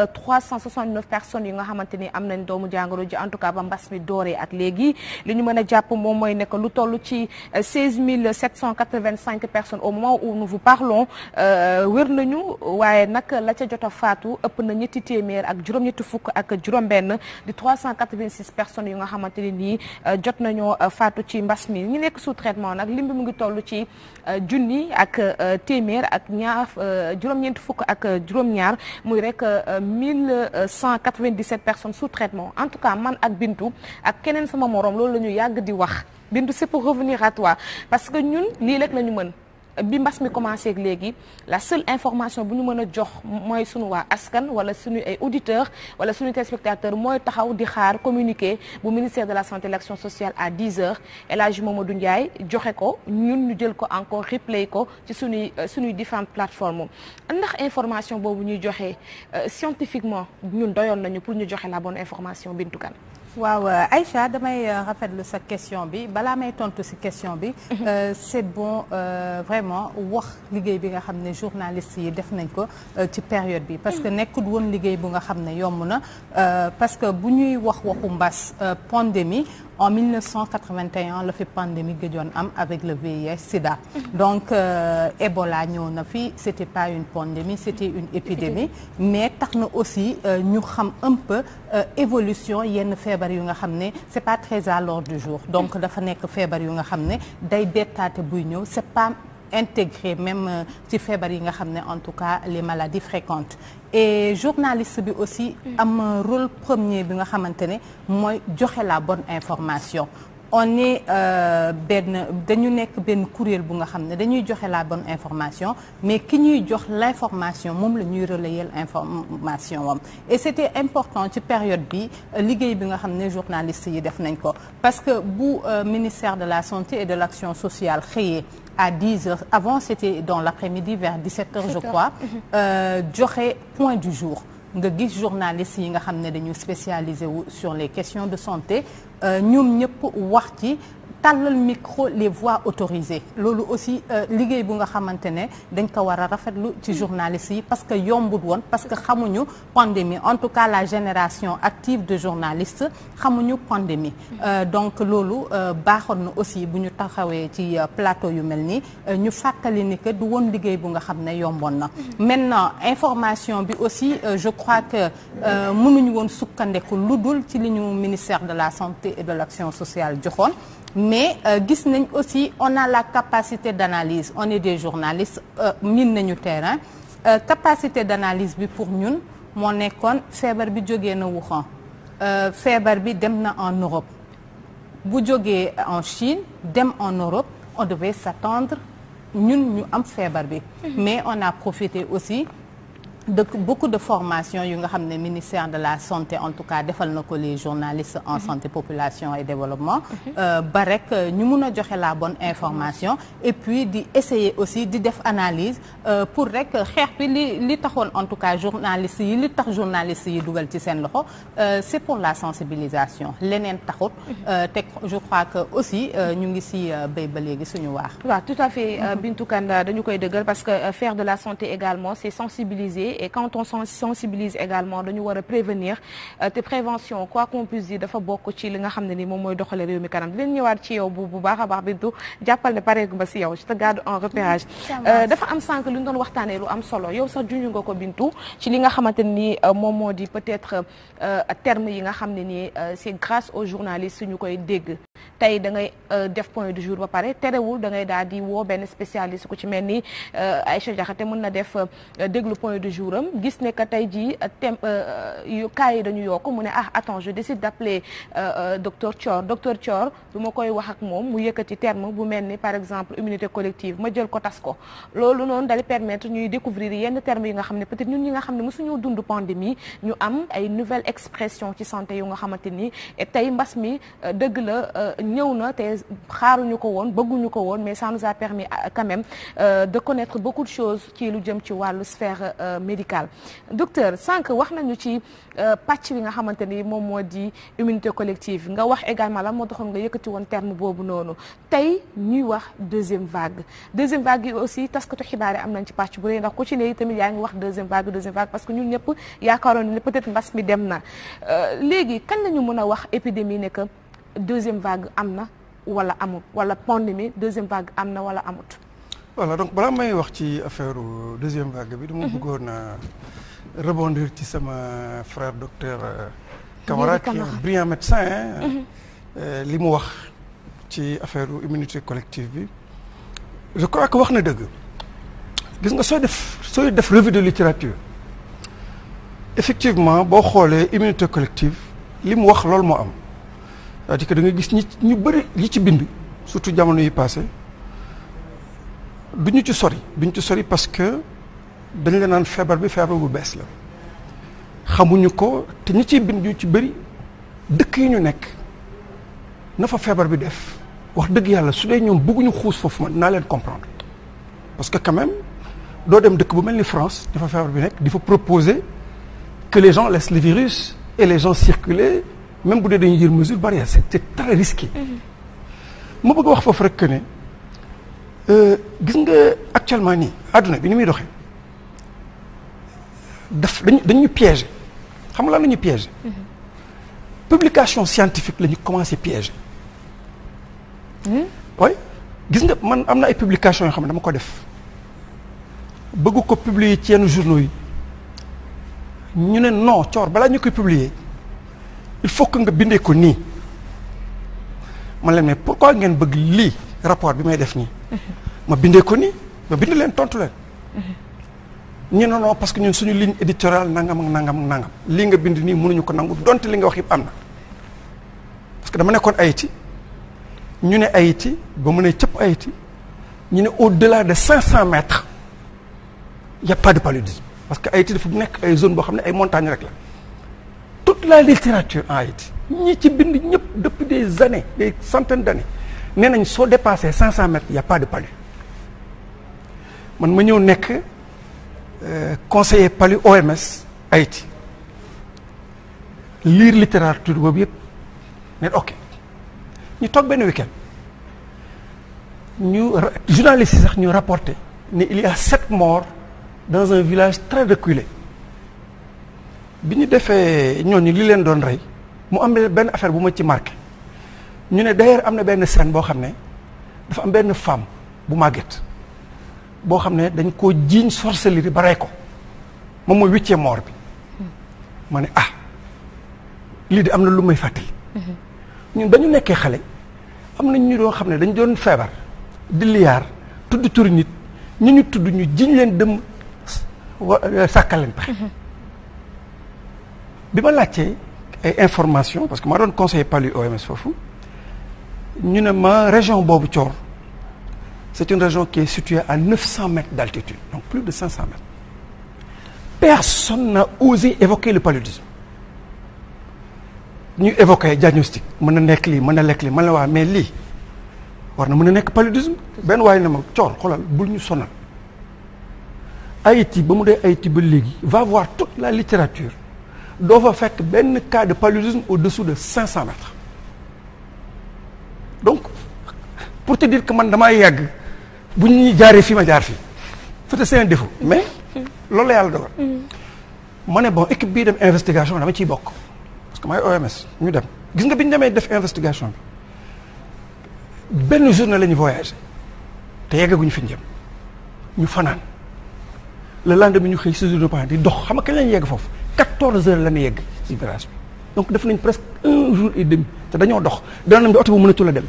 personnes yi nga xamante ni am nañ doomu jàngoro en tout cas ba mbas mi dooree ak léegi li ñu mën jàpp moom mooy nekk lu toll ci 16785 euh, personnes au moment où nous vous parlons euh, wér nañu waaye nag la ca jot a faatu ëpp na ñetti téeméer ak juróom-ñetti fukk ak juróom-benn di 386 personnes yu nga xamante ni nii jot nañoo faatu ci mbas mi ñu nekk sous traitement nag lim bi mu ngi toll ci junni ak téeméer ak ñaar juróom-ñeent fukk ak juróom-ñaar muy rek euh, mille cent quatre-vingt-dix-sept personnes sous traitement en tout cas man ak Bintu ak keneen sama moroom loolu la ñu yàgg di wax Bintu c'est pour revenir à waa parce que ñun lii rek la ñu mën. bi mbas mi commencé léegi la seule information bu ñu mën a jox mooy suñu waa askan wala suñu ay auditeurs wala sunu téléspectateurs mooy taxaw di xaar communiqué bu ministère de la santé et l'action sociale à 10 heures El Hadj du Ndiaye joxe ko ñun ñu jël ko encore replay ko ci suñuy euh, sunuy différentes plateformes ndax information boobu ñuy joxe euh, scientifiquement ñun doyoon nañu pour ñu joxe la bonne information Bintou waaw ay Aïcha damay euh, rafetlu sa question bi balaa may tontu si question bi. Mhm. Euh, c'est bon euh, vraiment wax liggéey bi nga xam ne journaliste yi def nañ ko ci période bi. parce que mhm. nekkul woon liggéey bu nga xam ne yomb na parce que bu ñuy wax waxu mbas pandémie en 1981 la fi pandémie gëjoon am avec le VIH sida donc euh, Ebola ñëw na fi c'était pas une pandémie c'était une épidémie mais tax na aussi euh, ñu xam un peu euh, évolution yenn feebar yu nga xam ne c'est pas très à l'ordre du jour donc mm-hmm. dafa nekk feebar yu nga xam ne day bettaate buy ñëw c'est pas intégré même euh, ci feebar yi nga xam ne en tout cas les maladies fréquentes et journaliste bi aussi mm. am rôle premier bi nga xamante ne mooy joxe la bonne information on est euh, benn dañu nekk benn kuréel bu nga xam ne dañuy joxe la bonne information mais ki ñuy jox l'information moom la ñuy relayer information wam et c'était important ci période bi euh, liggéey bi nga xam ne journaliste yi def nañ ko parce que bu ministère de la santé et de l'action sociale xëyee à 10 heures avant c'était dans l'après-midi vers 17 heures je crois mhm. euh, joxe point du jour nga gis journalistes yi nga xam ne dañu spécialisé wu sur les questions de santé euh, ñoom ñëpp wax ci tàllal micro les voix autorisées loolu aussi euh, liggéey bu nga xamante ne dañ ko war a rafetlu ci journalistes yi parce que yombut woon parce que xamuñu pandémie en tout cas la génération active de journalistes xamuñu pandémie euh, donc loolu euh, baaxoon na aussi bu ñu taxawee ci plateau yu mel nii ñu fàttali ni que du woon liggéey bu nga xam ne yomboon na maintenant information bi aussi je crois que mënuñu woon sukkandeku lu dul ci li ñu ministère de la santé et de sociale joxoon mais euh, gis nañ aussi on a la capacité d'analyse on est des journalistes euh, min nañu terrain euh, capacité d'analyse bi pour ñun moo nekkoon feebar bi jógee na Wuhan feebar bi dem na en Europe bu jógee en Chine dem en Europe on devait s'attendre ñun ñu am feebar bi mhm. mais on a profité aussi de beaucoup de formation yu nga xam ne ministère de la santé en tout cas defal na ko les journalistes en mhm. santé population et développement euh, ba rek euh, ñu mun a joxe la bonne information mhm. et puis di essayer aussi di def analyse euh, pour rek xeex bi li li taxoon en tout cas journalistes yi li tax journalistes yi dugal ci seen loxo c'est pour la sensibilisation leneen taxut mhm. te je crois que aussi ñu ngi si béy ba léegi suñu waax waaw tout à fait Bintou Kanda dañu koy dëggal parce que faire de la santé également c'est sensibiliser et quand on sensibilise également dañu war a prévenir euh, te prévention quoi qu'on puisse dafa bokk ci li nga xam ne ni moom mooy doxale réew mi kanam di leen ñëwaat ci yow bu bu baax a baax bi du jàppal ne pareegu ba si yow je te garde en repérage mm, euh, dafa am sànq lu ñu doon waxtaanee lu am solo yow sax junj nga ko bintu ci li nga xamante ni euh, moom moo di peut-être terme yi nga xam ne nii c'est grâce aux su ñu koy dégg tey da ngay euh, def point de jour ba pare terewul da ngay daal di woo benn spécialiste ko ci mel ni euh, Aïcha te mën na def euh, déglu point de jouram gis ne que tey jii thème yu cas yi dañu yokk mu ne ah attends je décide d'appeler docteur Thior docteur Thior bu ma koy wax ak moom mu yëkkati terme bu mel ni par exemple immunité collective ma jël ko tas ko loolu noonu dali permettre ñuy découvrir yenn termes yi nga xam ne peut-être ñun ñi nga xam ne mosuñu dund pandémie ñu am ay nouvelle expression ci santé yu nga xamante ni tey mbas mi dëgg la ñëw na te xaaruñu ko woon bëgguñu ko woon mais sa nous a permis euh, quand même euh, de connaître beaucoup de choses ci lu jëm ci wàllu sphère euh, médicale docteur sank wax nañu ci pàcc bi nga xamante ni moom moo di immunité collective nga wax également lan moo taxoon nga yëkkati woon terme boobu noonu tey ñuy wax deuxième vague deuxième vague yi aussi taskatu xibaar yi am nañ ci pàcc bu ndax ku ci ne tamit yaa ngi wax deuxième vague deuxième vague parce que ñun ñëpp yaakaaroon ne peut-être mbas mi dem na léegi kan lañu mën a wax épidémie ne que deuxième vague am na wala amut wala pandémie deuxième vague am na wala amut. voilà donc balaa may wax ci affaire deuxième vague bi. dama mhm. buggoon a euh, rebondir ci sama frère docteur. Euh, Camara qui est un brillant médecin. Mhm. Euh, li mu wax ci affaire immunité collective bi. je crois que wax na dëgg gis nga soo def sooy def revue de littérature effectivement boo xoolee immunité collective li mu wax loolu moo am. c'est-à-dire que da nga gis ñi ñu bëri li ci bind surtout jamono yi passé du ñu ci sori duñu ci sori parce que dañ la naan feebar bi feebar bu bees la xamuñu ko te ñi ciy bind ñu ci bëri dëkk yi ñu nekk nafa fa feebar bi def wax dëgg yàlla su dee ñoom bëgguñu xuus foofu man naa leen comprendre parce que quand même doo dem dëkk bu mel ni France dafa feebar bi nekk di fa proposer que les gens laissent le et les gens circuler même bu dee dañuy jël mesure barrière c' est très risqué. Mhm. ma bëgg wax foofu rek que ne euh, gis nga actuellement nii àdduna bi ni muy doxe daf dañu dañu piégé xam nga lan la ñuy piégé. Mhm. publication scientifique la ñu commencé piégé. oui gis nga man am na ay publication yoo xam ne dama ko def bëgg ko publier ci yenn journaux yi ñu ne non coor balaa ñu koy publier. il faut que nga bindee ko nii ma leen mais pourquoi ngeen bëgg lii rapport bi may def nii ma bindee ko nii ma bind leen tontu leen ñu ne non parce que ñun suñu ligne éditoriale nangam ak nangam ak nangam lii nga bind nii mënuñu ko nangu donte li nga wax yëpp am na parce que dama nekkoon Haïti ñu ne Haïti ba mu ne cëpp Haïti ñu ne au-delà de cinq cent mètres y a pas de paludisme parce que Haïti dafa nekk ay zone boo xam ne ay montagnes rek la tout la littérature en Haïti ñi ci bind ñëpp depuis des années des centaines d' années nee nañ soo dépassé cinq cent mètres y' a pas de palu man ma ñëw nekk euh, conseiller palu OMS Haïti lire littérature boobu yëpp ne ok ñu toog benn week-end ñu journaliste yi sax ñu rapporté ne il y a sept morts dans un village très reculé bi ñu defee ñooñu li leen doon rey mu am benn affaire bu ma ci marqué ñu ne d'ailleurs am na benn scène boo xam ne dafa am benn femme bu màgget boo xam ne dañ koo jiiñ sorcellerie ba rey ko moom mooy huitième mort bi ma ne ah lii de am na lu may fàttali mm-hmm. ñun ba ñu nekkee xale am na ñu doo xam ne dañ doon feebar di liyaar tudd turi nit ñu ñu tudd ñu jiñ leen dem euh, sàkkal pexe mm-hmm. bi ma laajtee ay information parce que ma doon conseiller palu OMS foofu ñu ne ma région boobu Thior c'est une région qui est située à 900 mètres d'altitude donc plus de 500 mètres personne n'a osé évoquer le paludisme ñu évoqué diagnostic mën na nekk lii mën na lekk lii mën na waa mais lii war na mën a nekk paludisme benn waaye ne ma coor xoolal bul ñu sonal Haïti ba mu dee Haïti ba léegi va voir toute la littérature doo fa fekk benn cas de paludisme au-dessous de 500 mètres donc pour te dire que man damaa yàgg bu ñuy jaaree fii ma jaar fii c'était c'est un défaut mais loolu la yàlla dogal ma ne boo équipe bii dem investigation dama ciy bokk parce que maay OMS ñu dem gis nga bi ñu demee def investigation bi benn journée la ñu voyagé te yeggaguñu fi ñu jëm ñu fanaan le lendemain ñu xëy si di dox xam nga kañ la yegg foofu quatorze heures la ñu yegg donc def nañ presque un jour et demi te dañoo dox dana dem bi oto bi mënatu la dem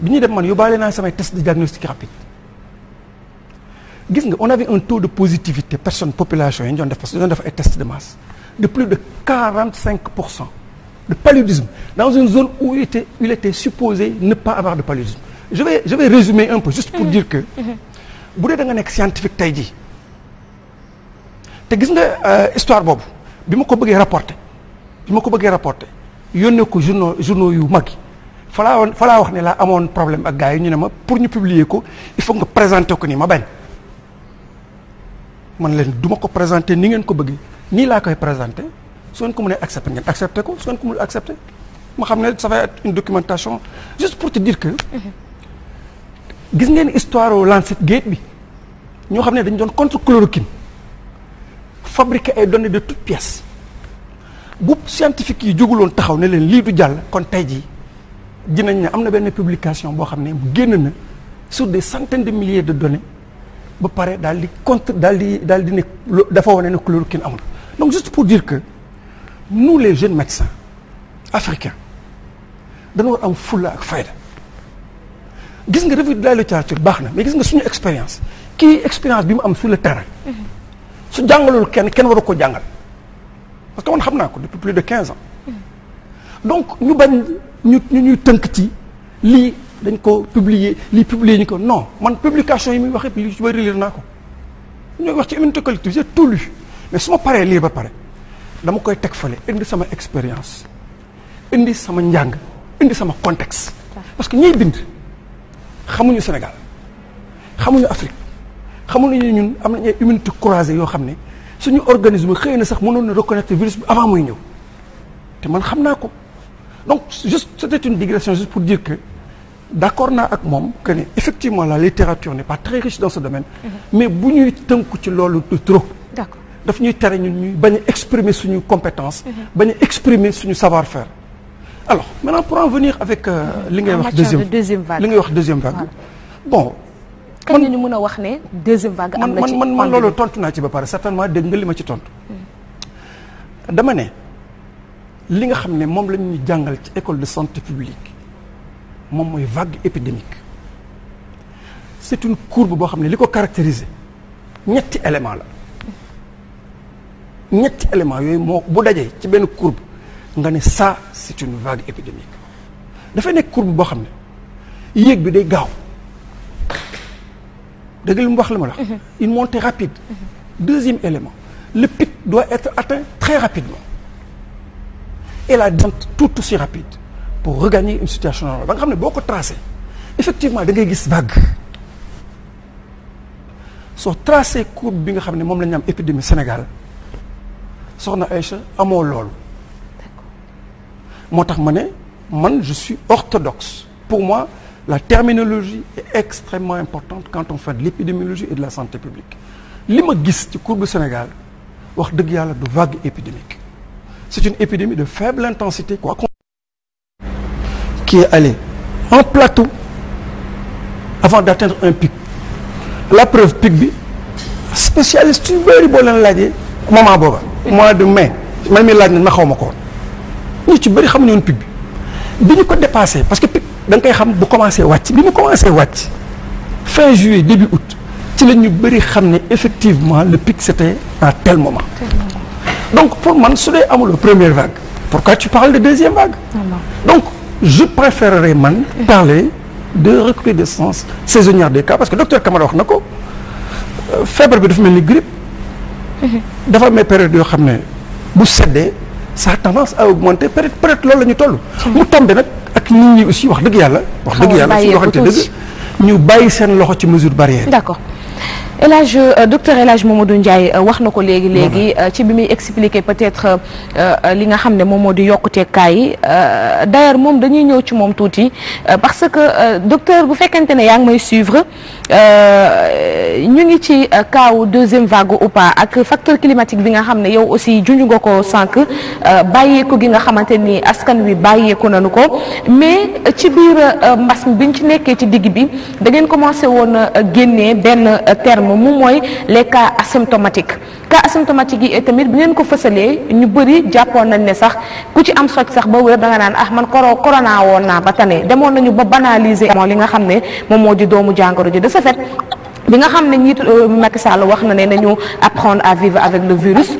bi ñuy dem man yóbbaale naa samay test de diagnostic rapide gis nga on avait un taux de positivité personne population yi ñu doon def parce que ñu doon def ay test de masse de plus de quarante cinq pour cent de paludisme dans une zone où il était il était supposé ne pas avoir de paludisme je vais je vais résumer un peu juste pour mmh. dire que mmh. bu dee da nekk scientifique tey ji te gis nga euh, histoire boobu bi ma ko bëggee rapporter bi ma ko bëggee rapporter yónnee ko journaux journaux yu mag yi falaa falaa wax ne laa amoon problème ak gars yi ñu ne ma pour ñu publier ko il faut nga présenter ko nii ma bay man leen duma ko présenter ni ngeen ko bëggee nii laa koy présenter su ngeen ko mënee accepter ngeen accepter ko su ngeen ko mënul accepter ma xam ne sa va être une documentation juste pour te dire que. Mhm. gis ngeen histoire Lancet Gate bi ñoo xam ne dañ doon contre chloroquine. fabriquer ay données de toutes pièces bu scientifique yi jóguloon taxaw ne leen lii du jàll kon tey jii dinañ ne am na benn publication boo xam ne génn na sur des centaines de milliers de données ba pare dal di contre daal di daal di ne dafa wane ne chloroquine amul donc juste pour dire que nous les jeunes médecins africains dañu war am fulla ak fayda gis nga revue de la littérature baax na mais gis nga suñu expérience kii expérience bi mu am sur le terrain. Mhm. su jàngalul kenn kenn waru ko jàngal parce que man xam naa ko de plus de quinze ans donc ñu bañ ñu ñu ñuy tënk ci lii dañ ko publier lii publier ñu ko non man publication yi muy wax yëpp li ci bëri lire naa ko ñoo wax ci immunité te j'ai tout lu mais su ma paree lii ba pare dama koy teg fale indi sama expérience indi sama njàng indi sama contexte parce que ñiy bind xamuñu Sénégal xamuñu Afrique xamul nañu ñun am nañu ay immunité croisée yoo xam ne suñu organisme xëy na sax mënoon na reconnaître virus bi avant muy ñëw te man xam naa ko donc juste c'était une digression juste pour dire que d'accord naa ak moom que ne effectivement la littérature n'est par très riche dans ce domaine mm-hmm. mais bu ñuy tënku ci loolu de trop d'accord daf ñuy tere ñun ñuy bañ a exprimer suñu compétence mm-hmm. bañ a exprimer suñu savoir-faire alors maintenant pour en venir avec euh, mm-hmm. li ngay wax deuxième li ngay wax deuxième vague bon kañ ñu mën a wax ne deuxième vague am na man man loolu tontu naa ci ba pare certainement dégg nga li ma ci tontu. dama ne li nga xam ne moom la ñuy jàngal ci école de santé publique moom mooy vague épidémique c'est une courbe boo xam ne li ko caractériser ñetti élément la ñetti élément yooyu moo bu dajee ci benn courbe nga ne saa c'est une vague épidémique dafay nekk courbe boo xam ne yéeg bi day gaaw dëgg li mu wax la ma la mhm. une montée rapide mhm. deuxième élément le pic doit être atteint très rapidement et la descente tout aussi rapide pour regagner une situation normale ba nga xam ne boo ko tracé effectivement da ngay gis vague soo tracé courbe bi nga xam ne moom la ñu am épidémie Sénégal soxna Aïcha amoo loolu moo tax ma ne man je suis orthodoxe pour moi la terminologie est extrêmement importante quand on fait de l'épidémiologie et de la santé publique li ma gis ci courbe Sénégal wax dëgg yàlla du vague épidémique c'est une épidémie de faible intensité quoi qu'on qui est allée en plateau avant d'atteindre un pic la preuve pic bi spécialiste yu bëri boo leen laajee moment booba mois de mai man mi laaj na ma xaw ma ko woon ñu ci bëri xamuñu pic bi bi ñu dépassé parce que pic da koy xam bu commencé wàcc bi mu commencé wàcc fin juillet début août ci la ñu bëri xam ne effectivement le pic c'était à tel moment donc pour man su dee amuloo première vague pourquoi tu parles de deuxième vague donc je préférerais man parler de recrudescence saisonnière des cas parce que docteur Camara wax na ko euh, feebar bi dafa mel ni grippe dafa amee période yoo xam ne bu seddee ça a tendance à augmenter peut être peut être loolu la ñu toll. mu tombé nag ak nit ñi aussi wax dëgg yàlla. wax dëgg yàlla suñu waxante dëgg ñu bàyyi seen loxo ci mesure barrière. d'accord. El Hadj euh, docteur moom Hadj Mamadou Ndiaye euh, wax na ko léegi léegi euh, ci bi muy expliquer peut-être li nga xam ne moom moo di yokkute kaay yi d'ailleurs moom dañuy ñëw ci moom tuuti parce que docteur bu fekkante ne yaa ngi may suivre ñu ngi ci kaaw deuxième vague ou pas ak facteur climatique bi nga xam ne yow aussi junj nga ko sànq bàyyeeku gi nga xamante ni askan wi bàyyeeku nañu ko mais ci biir mbas mi biñ ci nekkee ci digg bi da ngeen commencé woon génnee benn terme. terme moom mooy les cas asymptomatiques cas asymptomatiques yi tamit bu ngeen ko fësalee ñu bëri jàppoon nañ ne sax ku ci am soj sax ba wér da nga naan ah man koro corona woon naa ba tane demoon nañu ba banaliser moo li nga xam ne moom moo di doomu jàngoro ji de sa fait bi nga xam ne njiitu euh, Macky Sall wax na ne nañu apprendre à vivre avec le virus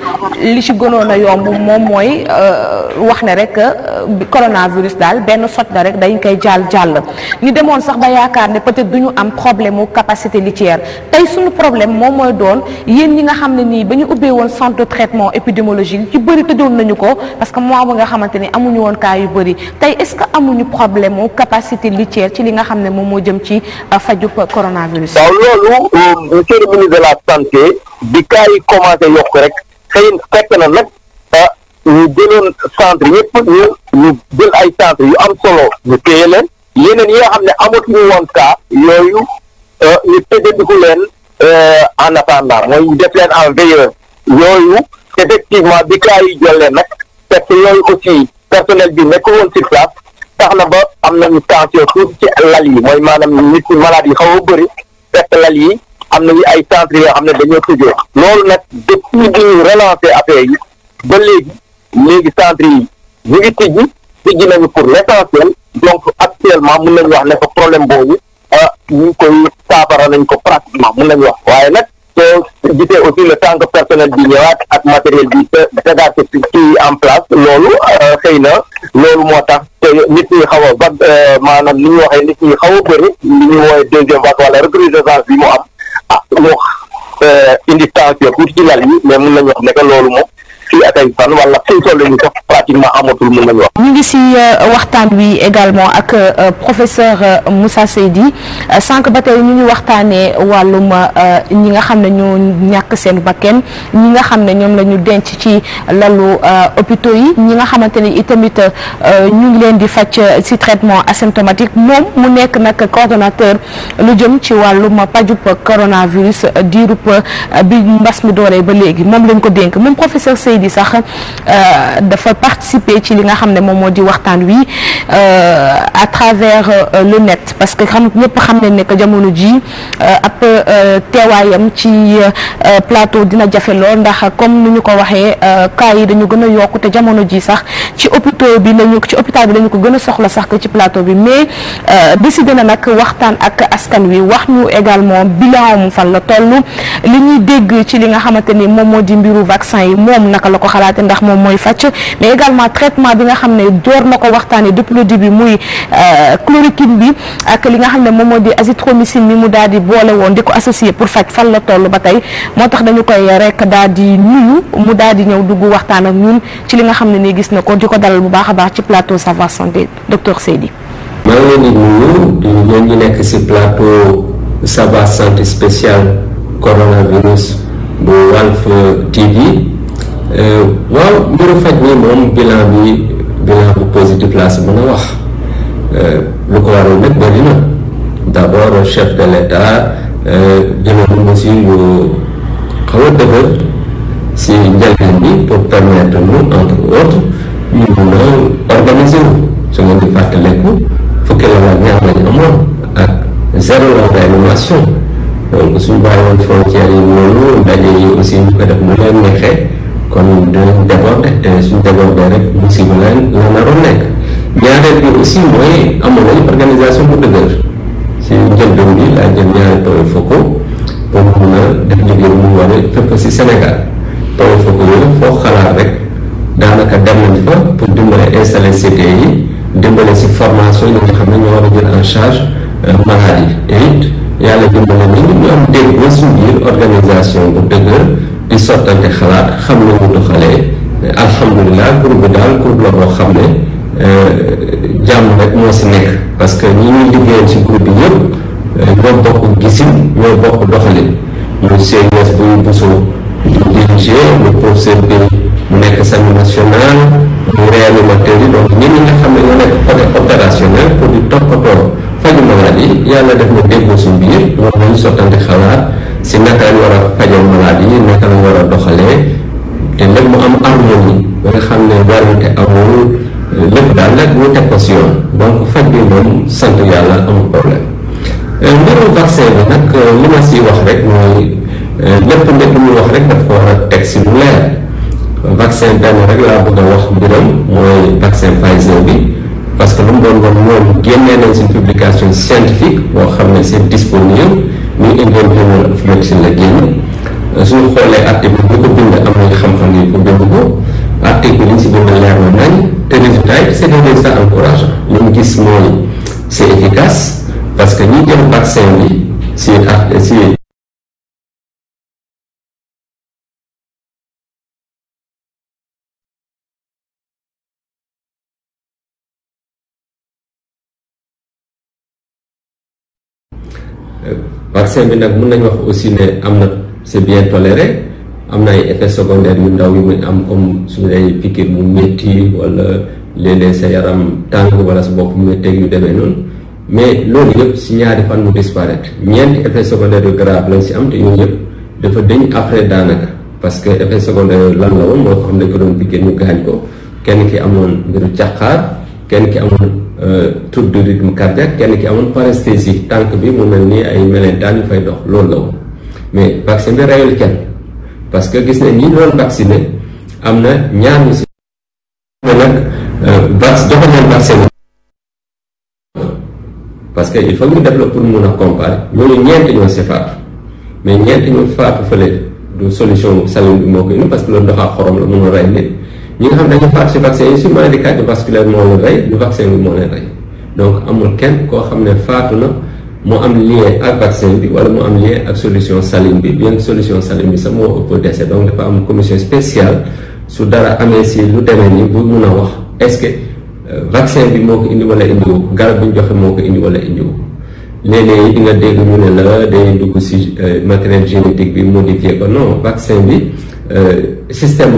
li ci gënoon a yomb moom mooy euh, wax ne rek euh, coronavirus daal benn sot la rek dañ koy jàll jàll ñu demoon sax ba yaakaar ne peut-être du ñu am problème mu capacité litière tey suñu problème moom mooy doon yéen ñi nga xam ne nii ba ñu ubbee woon centre de traitement épidémiologique ci bëri tëjoon nañu ko parce que mois ba nga xamante ni amuñu woon cas yu bëri tey est-ce que amuñu problème mu capacité litière ci li nga xam ne moom moo jëm ci fajub coronavirus. waaw monsieur le ministre de la santé bi cas yi commencé yokk rek xëy na fekk na nag ah, ñu jëloon centre yëpp ñu ñu jël ay centre yu am solo ñu téye leen yeneen yi nga xam ne amatuñu woon cas yooyu ah, ñu tëjandiku leen ah, en attendant mooy ñu def leen en veilleur yooyu effectivement bi cas yi jëlee nag parce que yooyu aussi personnel bi nekk woon sur place tax na ba am nañu tension tuuti ci lal yi mooy maanaam nit ñi malade yi xaw a bëri fekk lal yi am na ay centre yoo xam ne dañoo tëjoo loolu nag depuis bi ñu relancé affaire yi ba léegi léegi centre yi ñu ngi tijji tijji nañu pour l'essentiel donc actuellement mun nañu wax ne ko problème boobu a ah, ñu koy saafara nañ ko pratiquement mun nañu wax waaye nag soo gisee aussi le temps que personnel bi ñëwaat ak matériel bi tegaat kii loolu euh, xëy na loolu moo tax te nit ñi xaw a vague euh, maanaam ni ñu waxee nit ñi xaw a bëri li ñu woowee deuxième vague wala recrudescence bi mu am ah moo euh, indi pour ci lal yi mais mun nañu wax ne que loolu moom fii ak ay fan wala fi toll nii sax pratiquement amatul ñu ngi si euh, waxtaan wi également ak euh, professeur euh, Moussa Seydi sànq ba tey waxtaanee wàllum ñi nga xam ne ñoo ñàkk seen bakken ñi nga xam ne ñoom la ñu denc ci lalu hôpitaux yi ñi nga xamante ni itamit ñu ngi leen di faj si traitement asymptomatique moom mu nekk nag coordonnateur lu jëm ci wàllum pajub coronavirus diirub bi mbas mi dooree ba léegi moom lañ ko dénk moom professeur Seydi Seydi sax euh, dafa participer ci li nga xam ne moom moo di waxtaan wi euh, à travers euh, le net parce que xam ñëpp xam nañ ne que jamono ji ab teewaayam ci plateau dina jafe lool ndax comme nu ñu ko waxee cas yi dañu gën a yokku te jamono ji sax ci hôpital bi lañu ci hôpital bi lañu ko gën a soxla sax que ci plateau bi mais décidé na nag waxtaan ak askan wi wax ñu également bilan fan la toll li ñuy dégg ci li nga xamante ni moom moo di mbiru vaccin yi moom naka naka la ko xalaatee ndax moom mooy fàcc mais également traitement bi nga xam ne door na ko waxtaanee depuis le début muy euh, chloroquine bi ak li nga xam ne moom moo di azithromycine mi mu daal di boole woon di ko associé pour faj fan la toll ba tey moo tax dañu koy rek daal di nuyu mu daal di ñëw dugg waxtaan ak ñun ci li nga xam ne nii gis na ko di ko dalal bu baax a baax ci plateau Savoir Santé docteur Seydi. maa nekk si plateau Savoir Santé spécial coronavirus Euh, waaw mbiru faj mi moom bilan bi bilan bu positif laa si mën a wax euh, lu ko waral nag bëri na d'abord chef de l'État euh, jëloon na si yu xaw a si njëlbeen bi pour permettre nous entre autres ñu mun a organiser su ngeen di fàttaliku fukki la war ñaar lañu amoon ak zéro la réanimation donc suñu bàyyi woon frontières yi loolu ndaje yi aussi ñu ko def mu leen neexee kon dinañ déborder te euh, suñ déborder rek musiba la la naroon nekk ñaareel bi aussi mooy amoon nañu organisation bu dëgër si njëlbeen bi laa jël ñaari taw focaux pour mun a def liggéey mu war a fépp si Sénégal taw focaux yooyu foo xalaat rek daanaka dem fa pour dimbale installer CTE yi dimbale si formation yi xam ne ñoo war a jël en charge euh, malade yi et yàlla dimbale nañu ñu am dégg suñu organisation bu dëgër. di sottante xalaat xam na mu doxalee alhamdulilah groupe bi daal groupe la boo xam ne euh, jàmm rek moo si nekk parce que ñi ñuy liggéeyal ci groupe bi yëpp euh, ñoo bokk gisin ñoo bokk doxalin muy CNS buy busoo du DG bi mu nekk sami national mu réanimateur donc ñi nga xam ne ñoo nekk côté pour di toppatoo faju malade yi yàlla def na déggoo suñu biir ñoo nañu sottante xalaat si naka lañ war a fajal malade yi naka lañ war a doxalee te lépp mu am harmonie ba nga xam ne warute amul lépp daal nag mu teg ko donc faj bi moom sant yàlla amul problème euh, mbirum vaccin bi nag euh, li si wax rek mooy euh, lépp lépp mu wax rek daf ko war a teg si lu leer vaccin benn rek laa bëgg a wax mbiram mooy vaccin Pfizer bi parce que lu mu doon doon moom génnee nañ si publication scientifique boo xam ne c'est disponible muy incontournable ak la génn euh, suñu xoolee article bi ñu ko bind am nañ xam-xam yi ko bind ko article bi liñ si bind leer na nañ te résultat yi c'est des résultats encourageants li ñu gis mooy c'est efficace parce que ñi jël vaccin bi si ak si vaccin nag mun nañ wax aussi ne am na c'est bien toléré am na ay effets secondaires yu ndaw yu muy am comme suñu lay piqué mu métti wala léeg-léeg sa yaram tàng wala sa bopp mu métteeg yu demee noonu mais loolu yëpp si ñaari fan mu disparaître ñeenti effets secondaires yu grave lañ si am te yooyu yëpp dafa dëñ après daanaka parce que effet secondaire yooyu lan la woon moo ko xam ne ko doon piqué ñu gaañ ko kenn ki amoon mbiru càqaar kenn ki amoon trouble de rythme cardiaque kenn ki amoon paresthésie tànk bi mu mel ni ay melentaan yu fay dox loolu la mais vaccin bi reyul kenn parce que gis ne ñi doon vacciné na ñaar ñu euh, que il faut ñu développer pour mun a comparer ñooñu ñeent ñoo si faatu mais ñeent ñoo faatu fële du solution saline bi moo ko indi parce que loolu doxaa xorom la mun a rey nit ñu nga xam ne dañu faat si vaccin yi si maladie cardiovasculaire moo leen rey du vaccin bi moo leen rey donc amul kenn koo xam ne faatu na moo am lien ak vaccin bi wala moo am lien ak solution saline bi bien solution saline bi sax moo ëpp décès donc dafa am commission spéciale su dara amee si lu demee nii bu mun a wax est-ce que euh, vaccin bi moo ko indi wala indiwu garab bi ñu moo ko indi wala indiwu léeg-léeg di nga dégg ñu ne la day dugg si euh, matériel génétique bi modifié ko non vaccin bi euh, système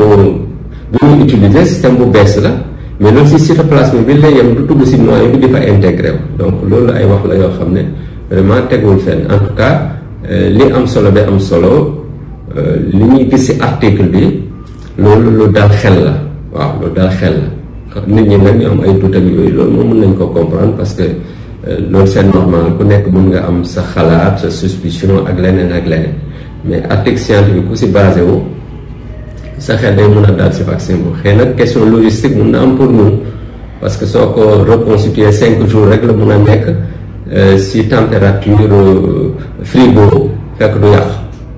bu ñuy utiliser système bu bees la mais loolu si site placement bi lay yem du dugg si noyau bi di fa intégré wu donc loolu ay wax la yoo xam ne vraiment tegul fenn en tout cas euh, li am solo ba am solo euh, li ñuy gis si article bi loolu lu dal xel la waaw lu dal xel la nit ñi nag ñu am ay doute yooyu loolu moom mën nañ ko comprendre parce que euh, loolu c'est normal ku nekk mën nga am sa xalaat sa suspicion ak leneen ak leneen mais article scientifique ku si basé wu. sa xel day mun a daal si vaccin boobu xëy nag question logistique mun na am pour ñun parce que soo ko reconstituer cinq jours rek la mun a nekk si température frigo fekk du yàq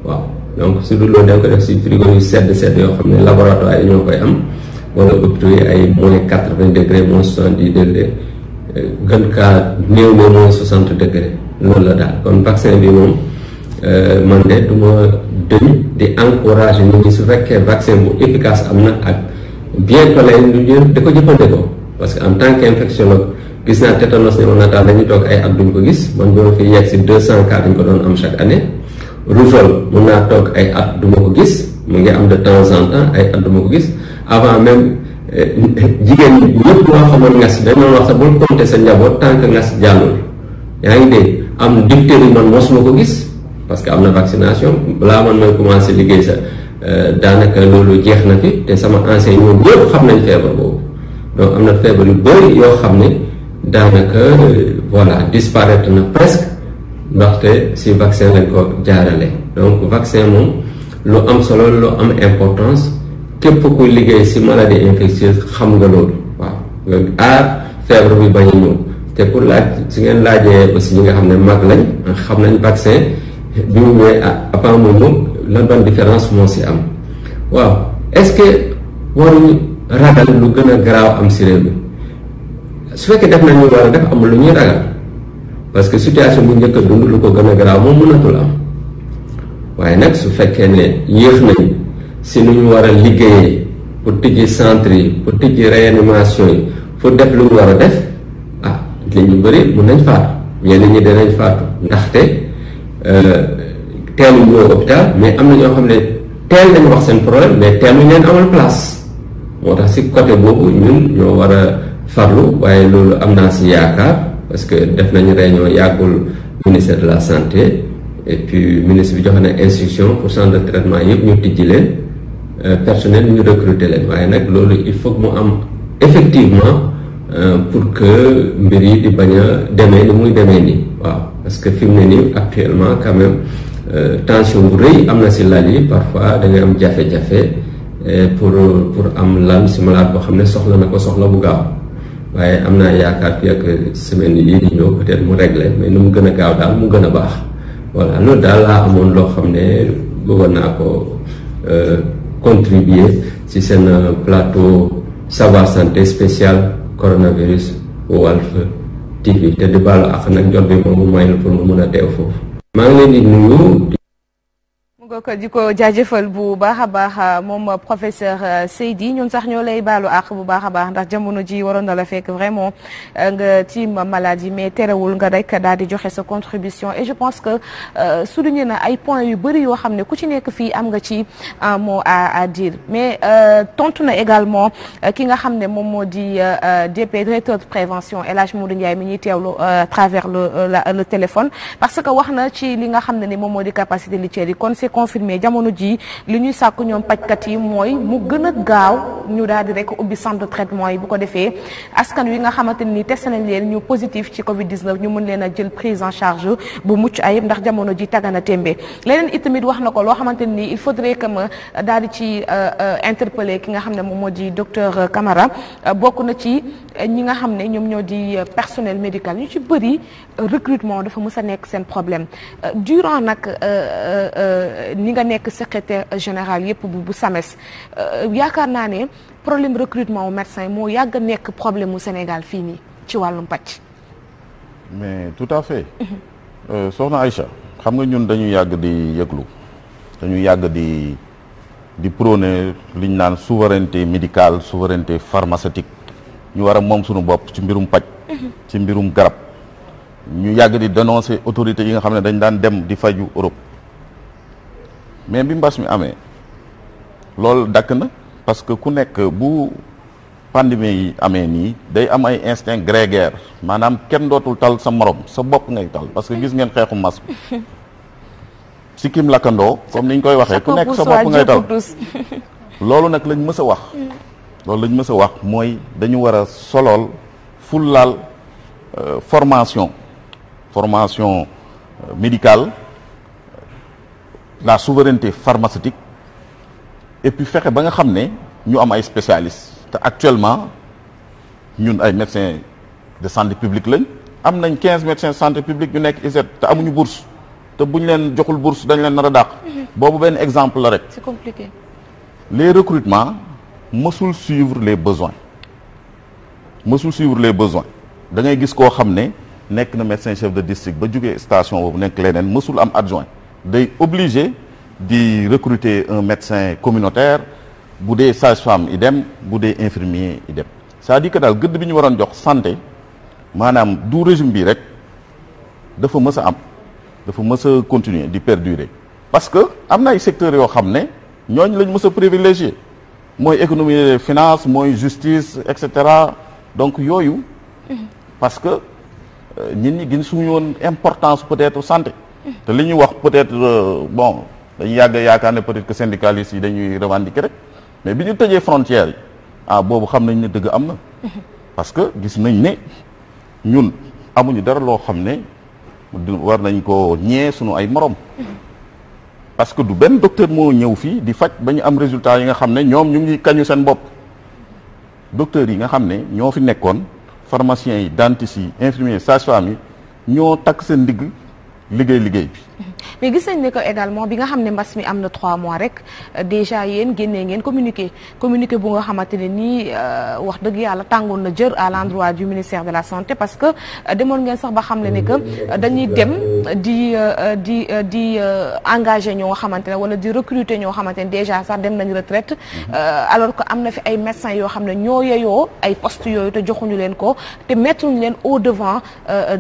waaw donc su dul loolu ko def si frigo yu e sedd sedd yoo xam ne laboratoire yi ñoo koy am wala hôpitaux ay moins quatre vingt degré moins soixante dix degré gën kaa néew ne moins soixante degré loolu la daal kon vaccin bi moom man de du tamit di encouragé nit ñi su fekkee vaccin bu efficace am na ak bien que lay lu di ko jëfandikoo parce que en tant que infectiologue gis naa tétanos néonatal dañuy toog ay at duñ ko gis man boo fi yegg si deux cent cas am chaque année rougeole mun naa toog ay at du ko gis mu ngi am de temps en temps ay at du ko gis avant même eh, jigéen ñi ñëpp moo xamoon ngas dañ doon wax sax bul compter sa njaboot tant que ngas jàllul yaa ngi dégg am diptérie man mosuma parce que am na vaccination balaa man may commencé liggéey sa euh, daanaka loolu jeex na fi te sama enseignant ñoom ñëpp xam nañ feebar boobu donc am na feebar yu bëri yoo xam ne daanaka euh, voilà disparaître na presque ndaxte si vaccin lañ ko jaarale donc vaccin moom lu am solo lu am importance képp ku liggéey si maladie infectieuse xam nga loolu waaw nga aar feebar bi bañ a ñëw te pour laaj si ngeen laajee aussi ñi nga xam ne mag lañ xam nañ vaccin bi mu ñëwee avant ah, moom différence moo si am waaw est-ce que waruñu ragal lu gën a garaaw am si réew mi su fekkee def nañu war a def amul lu ñuy ragal parce que situation bu njëkk a dund lu ko gën a garaaw moom mënatul am waaye nag su fekkee ne yéex nañ si nu ñu war a liggéeyee pour tijji centre yi pour tijji réanimation yi pour def lu mu war a def ah li ñu bëri mun nañ faatu ñenn ñi danañ faatu ndaxte. Euh, teeluñ ñëw hôpital mais am na ñoo xam ne teel nañ wax seen problème mais teeluñ leen amal place moo tax si côté boobu ñun ñoo war a farlu waaye loolu am naa si yaakaar parce que def nañu réunion yàggul ministère de la santé et puis ministre bi joxe na instruction pour centre de traitement yëpp ñu tijji leen euh, personnel ñu recruter leen waaye nag loolu il faut mu am effectivement euh, pour que mbir yi di bañ a demee ni muy demee nii waaw parce que fi mu ne nii actuellement quand même euh, tension bu rëy am na si lal yi parfois da ngay am jafe-jafe euh, pour pour am lal si malade boo xam ne soxla na ko soxla bu gaaw waaye am naa yaakaar fii ak semaine yi di ñëw peut mu régler mais nu mu gën a gaaw daal mu gën a baax voilà loolu daal laa amoon loo xam ne bëggoon naa ko euh, contribuer ci seen plateau savoir santé spécial coronavirus Walf TV te di baalu ak nag jot bi moom mu mayul pour mu mun a teew foofu maa ngi leen di nuyu mu nga ko di ko jaajëfal bu baax a baax euh, moom euh, professeur euh, Seydi ñun sax ñoo lay baalu àq bu baax a baax ndax jamono ji waroon na la fekk vraiment nga ci tiim maladie mais terewul nga rek daal di joxe sa contribution et je pense que ñu na ay point yu bëri yoo xam ne ku ci nekk fii am nga ci un mot à à dire mais tontu na également ki nga xam ne moom moo di DP directeur de prévention El Hadj Modou njaay mi ñuy teewlu travers le le téléphone parce que wax na ci li nga xam ne ni moom moo di capacité confirmé jamono jii li ñuy sàkk ñoom pajkat yi mooy mu gën a gaaw ñu daal di rek ubbi centre de traitement yi bu ko defee askan wi nga xamante ni testé nañ leen ñu positif ci Covid 19 ñu mën leen a jël prise en charge bu mucc ayib ndax jamono ji tàggat a tembe leneen itamit wax na ko loo xamante ni il faudrait que ma daal di ci euh, euh, interpeller ki nga xam ne moom moo di docteur Camara bokk na ci ñi nga xam ne ñoom ñoo di personnel médical ñu ci bëri recrutement dafa mës a nekk seen problème durant nag. Euh, ni nga nekk secrétaire général yëpp bu bu SAMES euh, yaakaar naa ne problème recrutement wu médecin moo yàgg a nekk problème mu Sénégal fii nii ci wàllum pàcc. mais tout à fait. Mhm. Euh, soxna Aïcha xam nga ñun dañu yàgg di yëglu dañu yàgg di di prôné li ñu naan souveraineté médical souveraineté pharmaceutique ñu war a moom sunu bopp ci mbirum paj mhm. ci mbirum garab ñu yàgg di dénoncer autorités yi nga xam ne dañ daan dem di faju Europe mais bi mbas mi amee loolu dakk na parce que ku nekk bu pandémie yi amee nii day am ay instinct grégaire maanaam kenn dootul tal sa morom sa bopp ngay tal parce que gis ngeen xeexu mas bi si kim lakkandoo comme niñ koy waxee ku nekk sa bopp ngay tal loolu nag lañ mës a wax loolu lañ mës a wax mooy dañu war a solool fullaal euh, formation formation euh, médicale la souveraineté pharmaceutique et puis fexe ba nga xam ne ñu am ay spécialistes te actuellement ñun ay médecins de santé publique lañ am nañ quinze médecins de santé publique ñu nekk ISET te amuñu bourse te buñ leen joxul bourse dañ leen nar a dàq mhm. boobu benn exemple la rek c'est compliqué les recrutements mësul suivre les besoins mësul suivre les besoins da ngay gis koo xam ne nekk na médecin chef de district ba jógee station boobu nekk leneen mësul am adjoint day obligé di recruter un médecin communautaire bu dee sage-femme dem bu dee infirmier idem c'est-à-dire que daal gëdd bi ñu waroon jox santé maanaam du régime bii rek dafa mës a am dafa mës a continuer di perdurer parce que am na ay secteurs yoo xam ne ñooñ lañ mës a privilégié mooy économie finance mooy justice et cetera donc yooyu mm-hmm. parce que euh, nit ñi gën suñu woon importance peut-être santé te li ñu wax peut-être euh, bon dañu yàgg yaakaar ne peut-être que syndicalistes yi dañuy revendiquer rek mais bi ñu tëjee frontières yi ah boobu xam nañ ne dëgg am na. parce que gis nañ ne ñun amuñu dara loo xam ne war nañ ko ñee sunu ay morom. parce que du benn docteur moo ñëw fii di faj ba ñu am résultat yi nga xam ne ñoom ñu ngi kañu seen bopp docteurs yi nga xam ne ñoo fi nekkoon pharmaciens yi dentistes yi infirmiers sages-femmes yi ñoo takk seen ndigg. liggéey liggéey bi mais gis nañ ne que également bi nga xam ne mbas mi am na trois mois rek déjà yéen génnee ngeen communiqué communiqué bu nga xamante ne nii euh, wax dëgg yàlla tàngoon na jër à l'endroit du ministère de la santé parce que euh, demoon ngeen sax ba xam ne ne que euh, dañuy dem di di di engagé ñoo xamante ne wala di recruter ñoo xamante ne déjà sax dem nañ retraite alors que am na fi ay médecins yoo xam ne ñoo yeyoo ay postes yooyu te joxuñu leen ko te mettuñu leen au devant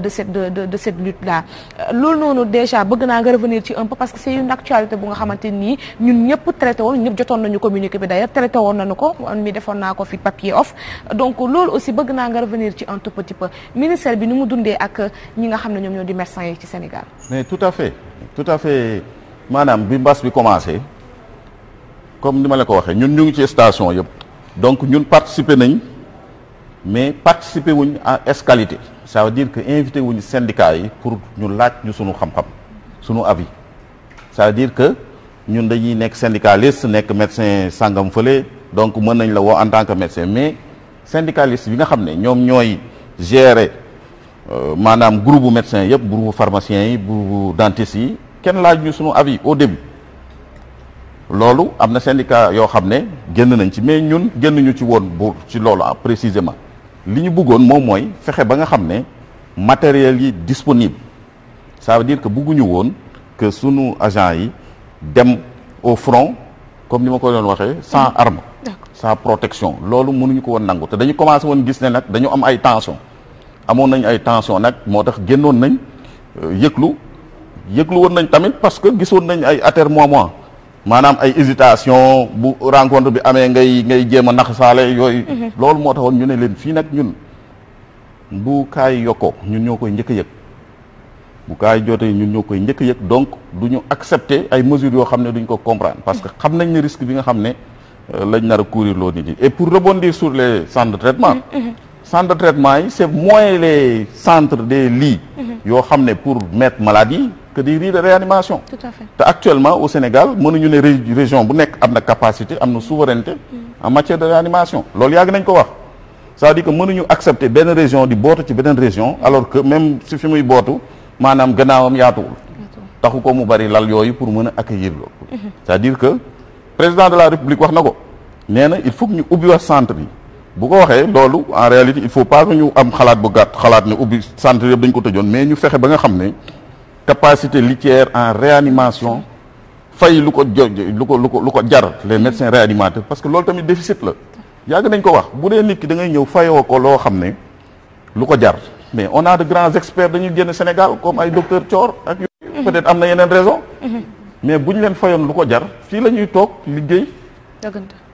de cette de de cette lutte là loolu revenir ci un peu parce que c'est une actualité bu nga xamante nii ñun ñëpp traité woon ñëpp jotoon nañu communiqué bi d'ailleurs traité woon nañu ko man mi defoon naa ko fi papier off donc loolu aussi bëgg naa nga revenir ci un tout petit peu ministère bi nu mu dundee ak ñi nga xam ne ñoom ñoo di médecins yi ci Sénégal mais tout à fait tout à fait maanaam bi mbas bi commencé comme ni ma la ko waxee ñun ñu ngi ci station yëpp donc ñun participer nañ mais participer wuñ à escalité ça veut dire invité wuñ syndicat yi pour ñu laaj ñu sunu xam sunu avis c'est-à-dire que ñun dañuy nekk syndicaliste nekk médecin sàngam fële donc mën nañ la woo en tant que médecin mais syndicaliste bi nga xam ne ñoom ñooy gérer euh, maanaam groupe bu médecin yëpp groupe pharmacien yi groupe dentiste yi kenn laaj ñu sunu avis au début loolu am na syndicat yoo xam ne génn nañ ci mais ñun génnuñu ci woon bu ci loolu ah, précisément li ñu buggoon moom mooy fexe ba nga xam ne matériel yi disponible ça veut dire que bëgguñu woon que suñu agent yi dem au front comme ni ma ko doon waxee sans mm. arme sans protection loolu munuñu ko woon nangu te dañu commencé woon gis ne nag dañu am ay tension amoon nañ ay tension nag moo tax génnoon nañ euh, yëglu yëglu woon nañ tamit parce que gisoon nañ ay atermoiements maanaam ay hésitation bu rencontre bi amee ngay ngay jéem a nax saale yooyu mm-hmm. loolu moo taxoon ñu ne leen fii nag ñun bu kaay yokko ñun ñoo koy njëkk a bu kaay jotee ñu ñoo koy njëkk yëg donc du ñu accepter ay mesures yoo xam ne duñ ko comprendre parce que xam nañ ne risque bi nga xam ne euh, lañ nar a courir loo nit ñi et pour rebondir sur les centres de traitement mm-hmm. Mm-hmm. centres de traitement yi c'est moins les centre des lii mm-hmm. yoo xam ne pour mettre maladie que des lits de réanimation te actuellement au Sénégal mënuñu ne région bu nekk am na capacité am na souveraineté en matière de réanimation loolu yàgg nañ ko wax c'est-à-dire que mënuñu accepter benn région di bootu ci beneen région alors que même si fi muy bootu maanaam gannaawam yaatuwul taxu ko mu bari lal yooyu pour mën a accueillir loolu mhm. c'est-à-dire que président de la république wax na ko nee na il faut que ubbi wax centre bi bu ko waxee loolu en réalité il faut pas que ñu am xalaat bu gàtt xalaat ne ubbi centre yëpp dañ ko tëjoon mais ñu fexe ba nga xam ne capacité litière en réanimation fay lu ko jo lu ko lu ko lu ko jar les médecins réanimateurs parce que loolu tamit déficit la yàgg nañ ko wax bu dee nit ki da ngay ñëw fayoo ko loo xam ne lu ko jar mais on a de grands experts dañuy génn Sénégal comme ay docteur Thior ak yooyu mhm. peut-être am na yeneen raison mhm. mais bu ñu leen fayoon lu ko jar fii la ñuy toog liggéey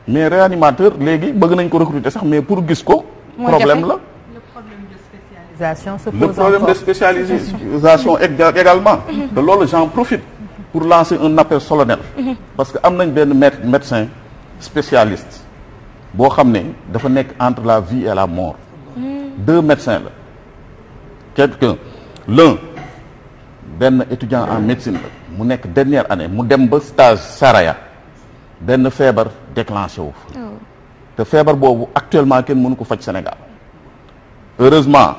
mais réanimateur léegi bëgg nañ ko recruter sax mais pour gis ko problème la le problème de spécialisation mhm. également te loolu j'en profit pour lancer un appel solennel parce que am nañ benn médecin spécialiste boo xam ne dafa nekk entre la vie et la mort deux médecins la quelqu'un l'un benn étudiant en médecine la mu nekk dernière année mu dem ba stage Saraya benn feebar déclenché wu oh. te feebar boobu actuellement kenn mënu ko faj Sénégal heureusement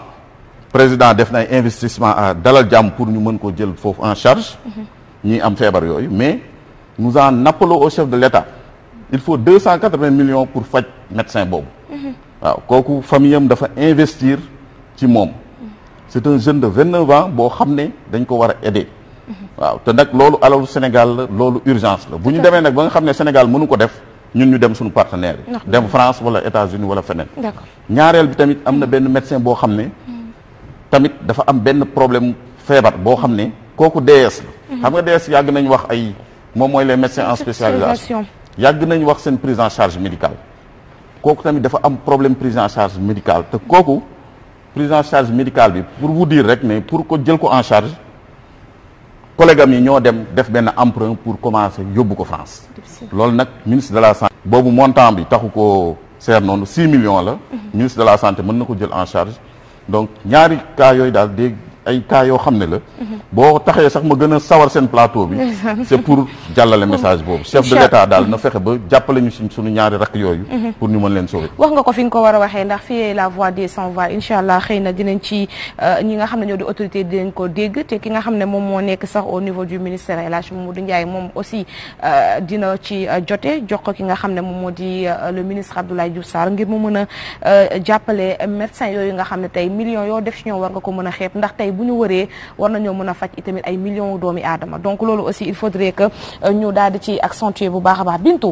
président def na ay investissement à dalal jàmm pour ñu mën ko jël foofu en charge mm-hmm. ñi am feebar yooyu mais nous en appelons au chef de l'État il faut deux cent quatre-vingts millions pour faj médecin boobu mm-hmm. waaw kooku famille am dafa investir ci moom c'est un jeune de vingt neuf boo xam ne dañ ko war a aider waaw te nag loolu alalu Sénégal loolu urgence la bu ñu demee nag ba nga xam ne Sénégal mënu ko def ñun ñu dem suñu partenaire yi dem France wala États-Unis wala feneen ñaareel bi tamit am na mm. benn médecin boo xam ne mm. tamit dafa am benn problème feebar boo xam ne kooku DS la mm. xam nga DS yàgg nañu wax ay moom mooy les médecins en spécialisation yàgg nañu wax seen prise en charge médicale kooku tamit dafa am problème prise en charge te kooku prise en charge médicale bi pour bu dire rek ne pour ko jël ko en charge collègue am yi ñoo dem def benn emprunt pour commencer yóbbu ko France loolu nag ministre de la santé boobu montant bi taxu ko seer noonu six millions la mhm. ministre de la santé mën na ko jël en charge donc ñaari cas yooyu daal dégg ay cas yoo xam ne la boo taxee sax ma gën a sawar seen plateau bi c'est pour jàllale message boobu chef de l'état daal na fexe ba jàppale ñu suñ suñu ñaari rakk yooyu mhm. pour ñu mën leen sauver wax nga ko fi nga ko war a waxee ndax fii la voix des sans voix incha allah xëy na dinañ ci euh, ñi nga xam ne ñoo di autorité dinañ ko dégg te ki nga xam ne moom moo nekk sax au niveau du ministère El Hadj moom aussi euh, dina ci euh, jote jox ko ki nga xam ne moom moo di le ministre Abdoulaye Diouf Sarr ngir mu mën a jàppale médecin yooyu nga xam ne tey millions yoo def ci ñoo war nga ko a xeeb ndax bu ñu waree war nañoo mun a faj itamit ay millions doomi adama donc loolu aussi il faudrait que euh, ñu daal di ci accentuer bu baax a baax bintu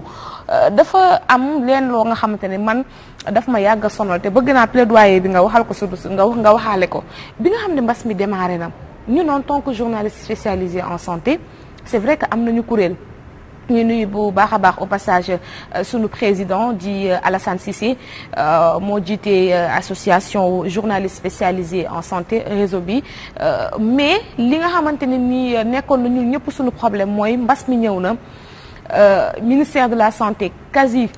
euh, dafa am leen loo nga xamante ne man dafa ma yàgg a sonal te bëgg naa plaidoyer bi nga waxal ko su nga nga waxaale ko bi nga xam ne mbas mi démarré na ñun en tant que journaliste spécialisé en santé c'est vrai que am nañu kuréel ñu nuyu bu baax a baax au passage euh, suñu président di euh, Alassane Cissé euh, moo jiite association journaliste spécialisé en santé réseau bi mais li nga xamante ne ni nekkoon nañu ñun ñëpp sunu problème mooy mbas mi ñëw na ministère de la santé quasi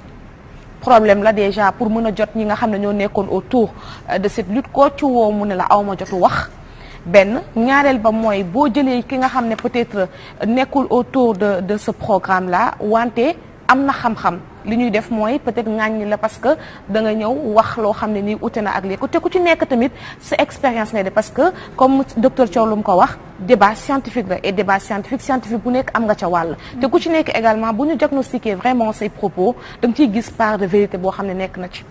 problème la déjà pour mën a jot ñi nga xam ne ñoo nekkoon autour de cette lutte koo ci woo mu ne la awma jotu wax benn ñaareel ba mooy boo jëlee ki nga xam ne peut-être nekkul autour de de ce programme la wante am na xam-xam li ñuy def mooy peut-être ŋàññi la parce que da nga ñëw wax loo xam ne nii ute na ak léegi te ku ci nekk tamit sa expérience ngay def parce que comme docteur Thiaw lu mu ko wax débat scientifique la et débat scientifique scientifique bu nekk am nga ca wàll. te ku ci nekk également bu ñu diagnostiquer vraiment say propos da nga ciy gis part de vérité boo xam ne nekk na ci.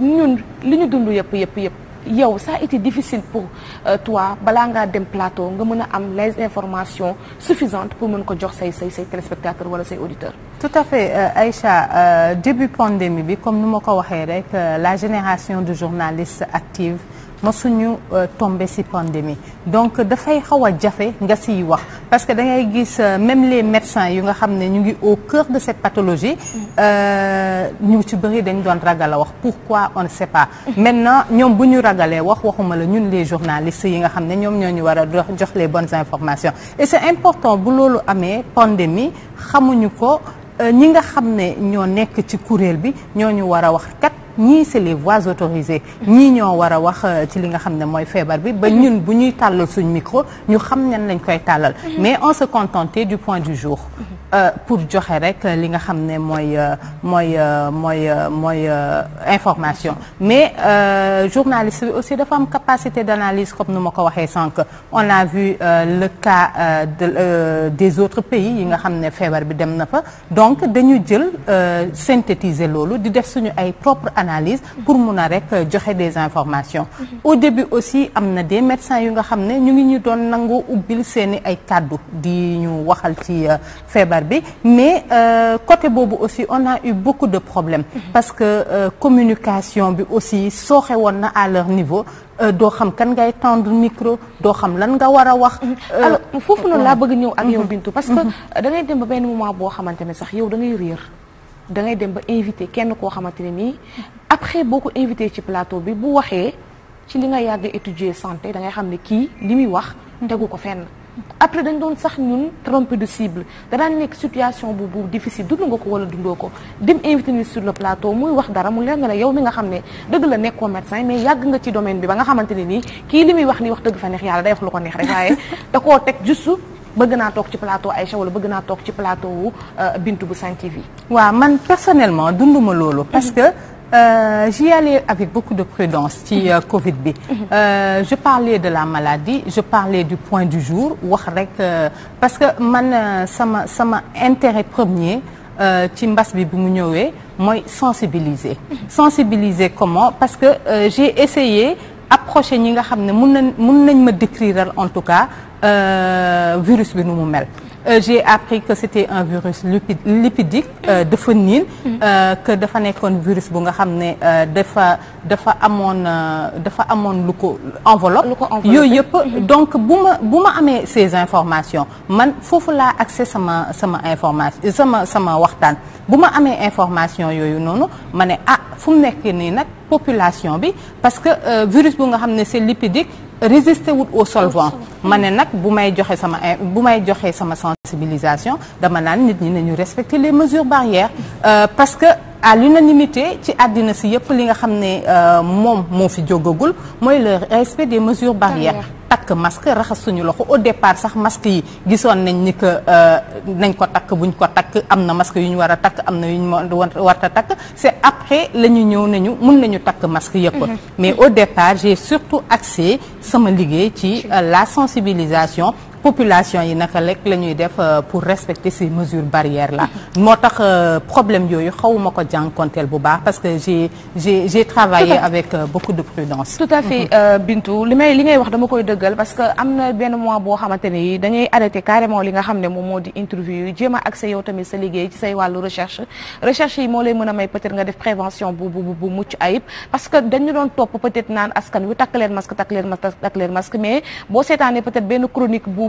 ñun li ñu dund yëpp yëpp yëpp. yow sax a été difficile pour euh, toi balaa ngaa dem plateau nga mën a am les informations suffisantes pour mën ko jox say say say téléspectateurs wala say auditeurs. tout à fait euh, cha euh, début pandémie bi comme nu ma ko waxee rek euh, la génération de journalistes active masuñu euh, tombé ci pandémie donc dafay xaw a jafe nga ciy wax parce que da ngay gis euh, même les médecins yu nga xam ne ñu ngi au cœur de cette pathologie euh, ñu ci bëri dañ doon ragal a wax pourquoi on ne sait pas maintenant ñoom bu ñu ragalee wax waxuma la ñun les journalistes yi nga xam ne ñoom ñoo ñu war a jox les bonnes informations et c'est important bu loolu amee pandémie xamuñu ko ñi nga xam ne ñoo nekk ci kuréel bi ñoo ñu war a wax kat ñii c'est les voies autorisées ñii ñoo war a wax euh, ci li nga xam ne mooy feebar bi ba ñun bu ñuy tàllal suñ micro ñu xam ñan lañ koy tàllal mhm. mais on se contentait du point du jour mhm. euh, pour joxe rek euh, li nga xam ne mooy mooy mooy mooy information mais euh, journaliste bi aussi dafa am capacité d'analyse comme nu ma ko waxee sànq on a vu euh, le cas de des autres pays yi nga xam ne feebar bi dem na fa donc dañu jël synthétiser loolu di def suñu ay propre analyse pour mun a rek joxe des informations mhm. au début aussi am na des médecins yu nga xam ne ñu ngi ñu doon nangu ubbil seeni ay kàddu di ñu waxal ci euh, feebar bi mais euh, côté boobu aussi on a u beaucoup de problème mhm. parce que euh, communication bi aussi sooxe woon na à leur niveau doo xam kan ngay tendre micro doo xam lan nga war a wax. Mhm. alors foofu noonu laa bëgg ñëw ak yow Bintu parce que da ngay dem ba benn moment boo xamante ne sax yow dangay ngay réer. dangay dem ba invité kenn koo xamante ne nii après boo ko invité ci plateau bi bu waxee ci li nga yàgg étudier santé da ngay xam ne kii li muy wax tegu ko fenn après dañ doon sax ñun trompe de cible danaan nekk situation bu bu difficile dund nga ko wala dundoo ko dem invité ni sur le plateau muy wax dara mu leer na la yow mi nga xam ne dëgg la nekkoo médecin mais yàgg nga ci domaine bi ba nga xamante ne nii kii li muy wax ni wax dëgg fa neex yàlla day wax lu ko neex rek waaye da teg juste bëgg naa toog ci plateau Aïcha wala bëgg naa toog ci plateau wu euh, bu Sen TV. waa man personnellement dunduma loolu parce que Euh, j'y allais avec beaucoup de prudence ci euh, Covid bi mhm. euh, je parlais de la maladie je parlais du point du jour wax rekk euh, parce que man euh, sama sama intérêt premier ci mbas bi bi mu ñëwee mooy sensibiliser mhm. sensibiliser comment parce que j'ai essayé approcher ñi nga xam ne mun nañ mun nañ ma décrire en tout cas Euh, virus bi nu mu mel euh, j'ai appris que c'était un virus lipide lipidique euh, dafa niin mm-hmm. que dafa nekkoon virus bu nga xam ne dafa dafa amoon dafa amoon lu ko enveloppe yooyu yëpp mm-hmm. donc bu ma bu ma amee ces informations man foofu laa accès sama sama information sama sama waxtaan bu ma amee information yooyu noonu ma ne ah fu mu nekk nii nag population bi parce que virus bu nga xam ne c'est lipidique résister wut au solvant ma ne nag bu may joxee sama bu may joxee sama sensibilisation dama naan nit ñi ñu respecter les mesures barrières euh, parce que à l'unanimité ci àddina si yëpp li nga xam ne euh, moom moo fi jógagul mooy le respect des mesures barrières takk masque raxas suñu loxo au départ sax masque yi gisoon nañ ni que euh, nañ ko takk buñ ko takk am na masque yu ñu war a takk am na yu ñu warta takk c'est après la ñu ñëw nañu mun nañu takk masque yëpp mm-hmm. mais au départ j'ai surtout axé sama liggéey ci euh, la sensibilisation population yi naka lekk la ñuy def euh, pour respecter ces mesures barrières là moo tax euh, problème yooyu xawuma ko jànkonteel bu baax parce que j'ai j'ai j'ai travaillé avec euh, beaucoup de prudence tout à fait Bintou li ngay wax dama koy dëggal parce que am na benn mois boo xamante ne yi dañuy arrêté carrément li nga xam ne moom moo di interview yi jéem a accès yow tamit sa liggéey ci wàllu recherche recherche yi moo lay mën a may peut-être nga def prévention bu bu bu mucc ayib parce que dañu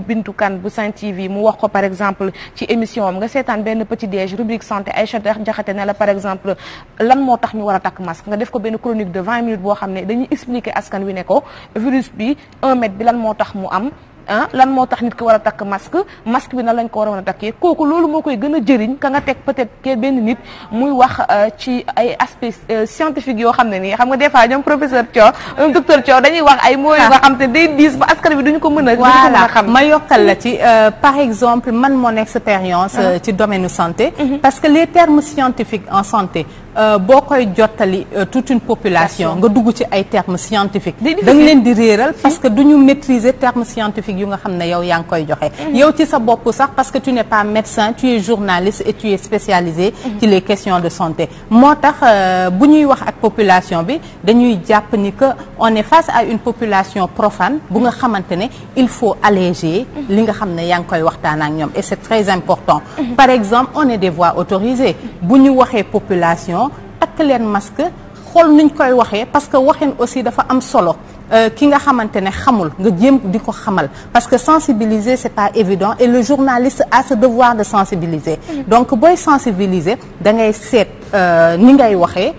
Bintou Kane bu Sen TV mu wax ko par exemple ci émission am nga seetaan benn petit déj rubrique santé Aïssata Diakhaté ne la par exemple lan moo tax ñu war a takk masque nga def ko benn chronique de 20 minutes boo xam ne dañuy expliquer askan wi ne ko virus bi 1 mètre bi lan moo tax mu am ah lan moo tax nit ki war a takk masque masque bi na lañ ko war a mën a takkee kooku loolu moo koy gën a jëriñ ka nga teg peut-être benn nit muy wax euh, ci ay aspects euh, scientifiques yoo xam ne nii xam nga des fois ñoom professeur Thior ñoom docteur Thior dañuy wax ay mooy nga xam te day diis ba askan bi duñu ko mën a voilà ma yokkal la ci euh, par exemple man mon expérience ah. ci domaine santé mhm. parce que les terme scientifiques en santé Euh, boo koy jottali euh, toute une population nga dugg ci ay termes scientifiques da nga leen di réeral parce que du ñu maîtriser termes scientifiques yu nga xam ne yow yaa ngi koy joxe mhm. yow ci sa bopp sax parce que tu n'es pas médecin tu es journaliste et tu es spécialisé mhm. ci les questions de santé moo tax euh, bu ñuy wax ak population bi dañuy jàpp ni que on est face à une population profane bu nga xamante ne il faut alléger mhm. li nga xam ne yaa ngi koy waxtaan ak ñoom et c'est très important par exemple on des voix autorisées bu ñu waxee population takk leen masque xool ñu koy waxee parce que waxin aussi dafa am solo euh, ki nga xamante ne xamul nga jéem di ko xamal parce que sensibiliser c'est pas évident et le journaliste a ce devoir de sensibiliser donc booy sensibiliser da ngay seet euh, ni ngay waxee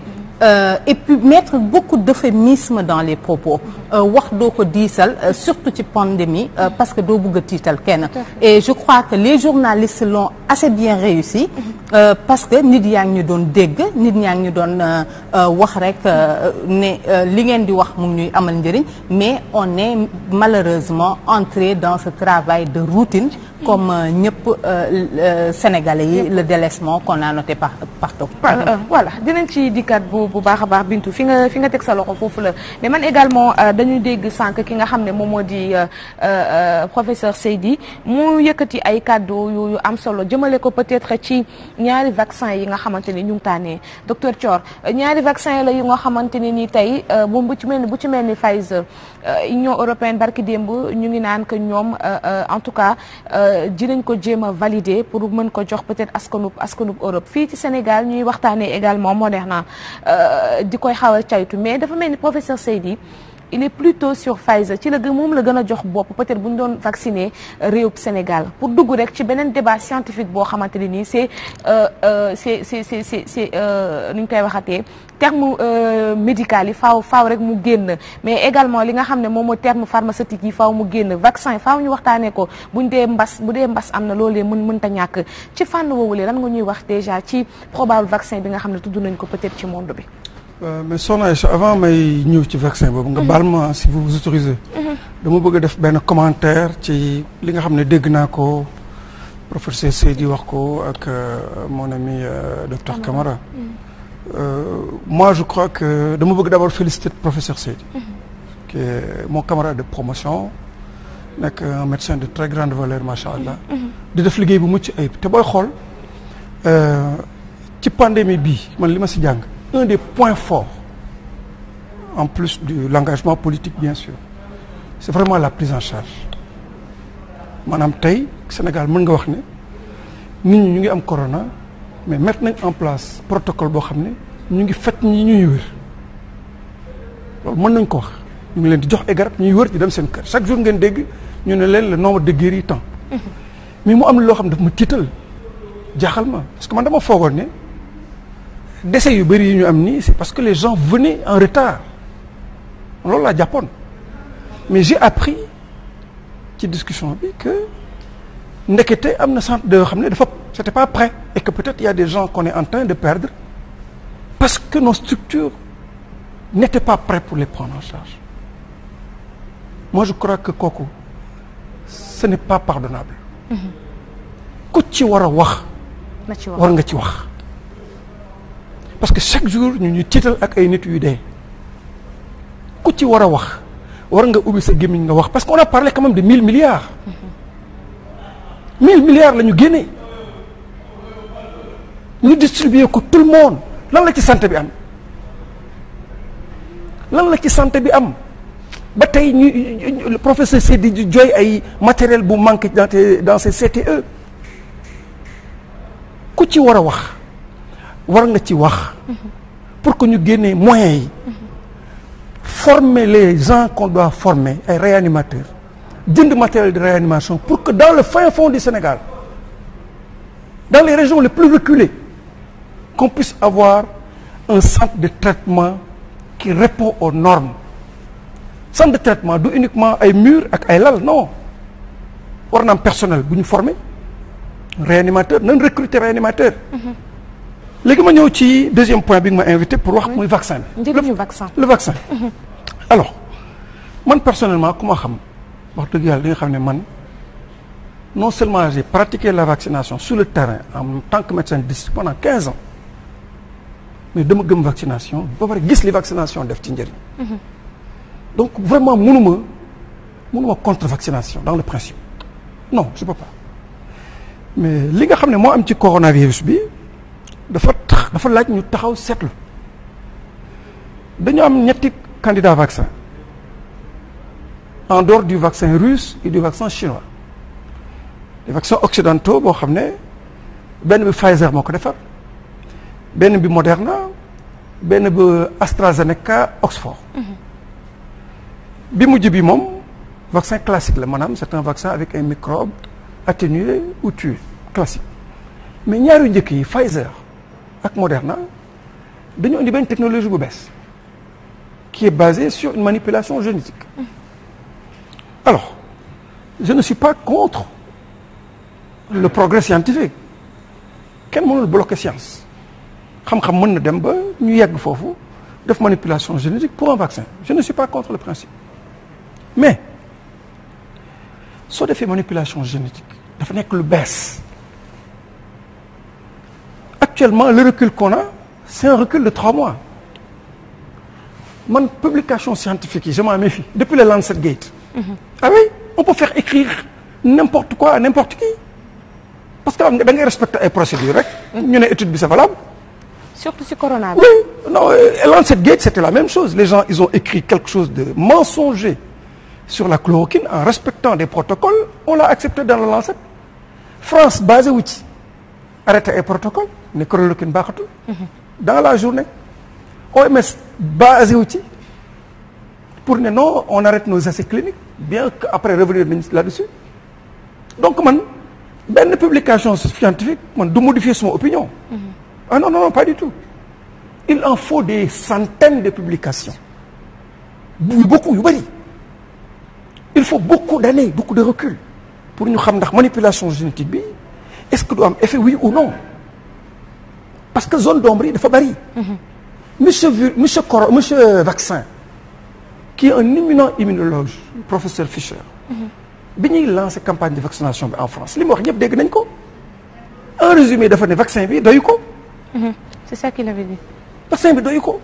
Euh, et puis mettre beaucoup d'euphémisme dans les propos euh, wax doo ko diisal euh, surtout ci pandémie euh, parce que doo bëgg tiital kenn et je crois que les journalistes l'ont assez bien réussi euh, parce que nit yaa ngi ñu doon dégg nit ñaa ngi doon euh, wax rek ne li ngeen di wax mu ngi ñuy amal njëriñ mais on est malheureusement entré dans ce travail de routine comme ñëpp sénégalais yi le délaissement qu'on a noté partout voilà dinañ ci dikkaat boobu bu baax a baax Bintu fi nga fi nga teg sa loxo foofu la mais man également euh, dañu dégg sànq ki nga xam ne moom moo di euh, euh, professeur Seydi mu yëkkati ay kàddu yu am solo jëmale ko peut-être ci ñaari vaccin yi nga xamante ni ñu ngi tànnee docteur Thior ñaari vaccin la yi nga xamante ne ni tey moom bu ci mel ni bu ci mel ni Pfizer Euh, Union européenne barki démb ñu ngi naan que ñoom euh, euh, en tout cas ji nañ ko jéem a valider pour mën ko jox peut-être askanub askanub Europe fii ci Sénégal ñuy waxtaanee également Moderna di koy xaw caytu mais dafa mel ni professeur Seydi il est plutôt sur Pfizer ci la gën moom la gën a jox bopp peut-être bu ñu doon vacciner euh, réewum Sénégal pour dugg rek ci beneen débat scientifique boo xamante ne nii c'est euh, euh, c'est c'est c'est c'est nu ñu koy waxatee terme médical yi faw faw rek mu génn mais également li nga xam ne moom mooy terme pharmaceutique yi faw mu génn vaccin faaw ñu waxtaanee ko bu ñu dee mbas bu dee mbas am na loolee mën mënta ñàkk ci fànn woowulee ran nga ñuy wax déjà ci probable vaccin bi nga xam ne tudd nañ ko peut ci monde bi Euh, mais soxna avant may ñëw ci vaccin boobu nga mhm. baal ma si vous vous autorisez mhm. dama bëgg a def benn commentaire ci li nga xam ne dégg naa ko professeur Seydi wax ko ak euh, mon ami euh, docteur Camara mhm. moi je crois que dama bëgg d'abord féliciter professeur Seydi qui est mon camarade de promotion nekk un médecin de très grande valeur macha allah di def liggéey bu mucc ay te booy xool ci pandémie bii man li ma si jàng un des points forts, en plus du l'engagement politique bien sûr, c'est vraiment la prise en charge maanaam tey Sénégal mën nga wax ni nit ñi ñu ngi am corona mais mettre nañ en place protocole boo xam ne ñu ngi faj ñi ñuy wér loolu mën nañ ko wax ñu ngi leen di jox ay garab ñuy wër di dem seen kër chaque jour ngeen dégg ñu ne leen le nombre de guéris tant mais mu am loo xam ne daf ma tiital jaaxal ma parce que man dama foogoon ne. décès yu bëri yi ñu am nii c'est parce que les gens venaient en retard loolu à jàppoon mais j'ai appris ci discussion bi que ndekete am na centre de yoo xam ne dafa c'était pas prêt et que peut-être il y a des gens qu'on est en train de perdre parce que nos structures n'étaient pas prêtes pour les prendre en charge moi je crois que kooku ce n'est pas pardonnable mm-hmm. ku ci war a wax war nga ci wax parce que chaque jour ñu ñu tiital ak ay nit yu dee ku ci war a wax war nga ubbi sa gémmiñ nga wax parce que on a parlé quand même de mille milliards mille milliards la ñu génnee ñu distribuer ko tout le monde lan la ci santé bi am lan la ci santé bi am ba tey ñu professeur Seydi di jooy ay matériel bu manqué dans dans ces CTE ku ci war a wax war nga ci wax pour que ñu génnee moyens yi forme les gens qu'on doit former ay réanimateurs jënd matériel de réanimation pour que dans le fin fond du Sénégal dans les régions les plus reculées qu'on puisse avoir un centre de traitement qui répond aux normes centre de traitement du uniquement ay murs ak ay lal non war na am personnel bu ñu former réanimateur nañ recruter réanimateur léegi ma ñëw ci deuxième point bi nga ma invité pour wax muy vaccin bi le vaccin alors man personnellement ku ma xam wax dëgg yàlla di nga xam ne man non seulement j'ai pratiqué la vaccination sur le terrain en tant que médecin de pendant quinze ans mais dama gëm vaccination ba pare gis li vaccination def ci njëriñ mhm. donc vraiment mënuma mënuma contre vaccination dans le principe non je peux mais li nga xam ne moo am ci coronavirus bi dafa tax dafa laaj ñu taxaw seetlu dañu am ñetti candidat vaccin en door du vaccin russe et du vaccin chinois les vaccins occidentaux boo xam ne benn bi Pfizer moo ko defar benn bi Moderna benn bi AstraZeneca Oxford bi mujj bi moom vaccin classique la maanaam c'est un vaccin avec un microbe atténué ou tué mais ñaari njëkk yi Pfizer ak Moderna dañoo indi benn technologie bu bees qui est basée sur une manipulation génétique alors je ne suis pas contre le progrès scientifique kenn mënul bloquer science xam-xam mën na dem ba ñu yegg foofu def manipulation génétique pour un vaccin je ne suis pas contre le principe mais soo defee manipulation génétique dafa nekk lu bees actuellement le recul qu'on a c'est un recul de trois mois man publication scientifique yi je m'en méfie depuis le Lancet Gate mm -hmm. on peut faire écrire n'importe quoi n'importe qui parce que am nga da ngay respecter ay procédures rek mhm. ñu ne étude bi c'est valable surtout si corona euh, Lancet Gate c'était la même chose les gens ils ont écrit quelque chose de mensonger sur la chloroquine en respectant des protocoles on l'a accepté dans le Lancet France basé wu ci arrêté et protocole ne chloroquine baaxatul. Mhm. dans la journée OMS basé wu ci pour ne non on arrête nos essais cliniques bien que après revenir nañ là-dessus donc man benn publication scientifique man du modifier suma opinion. Mhm. ah non non pas du tout. il en faut des centaines de publications yu beaucoup yu bëri il faut beaucoup d'années beaucoup de recul pour ñu xam ndax manipulation génétique bi. est-ce que du am effet oui ou non parce que zone d'ombre yi dafa bari. monsieur vu monsieur Coro monsieur vaccin qui est un éminent immunologue professeur Fischer. bi ñuy lance campagne de vaccination bi en France li mu wax ñëpp dégg nañ ko en résumé dafa ne vaccin bi doy ko. c'est ça qu'il avait dit. vaccin bi doy ko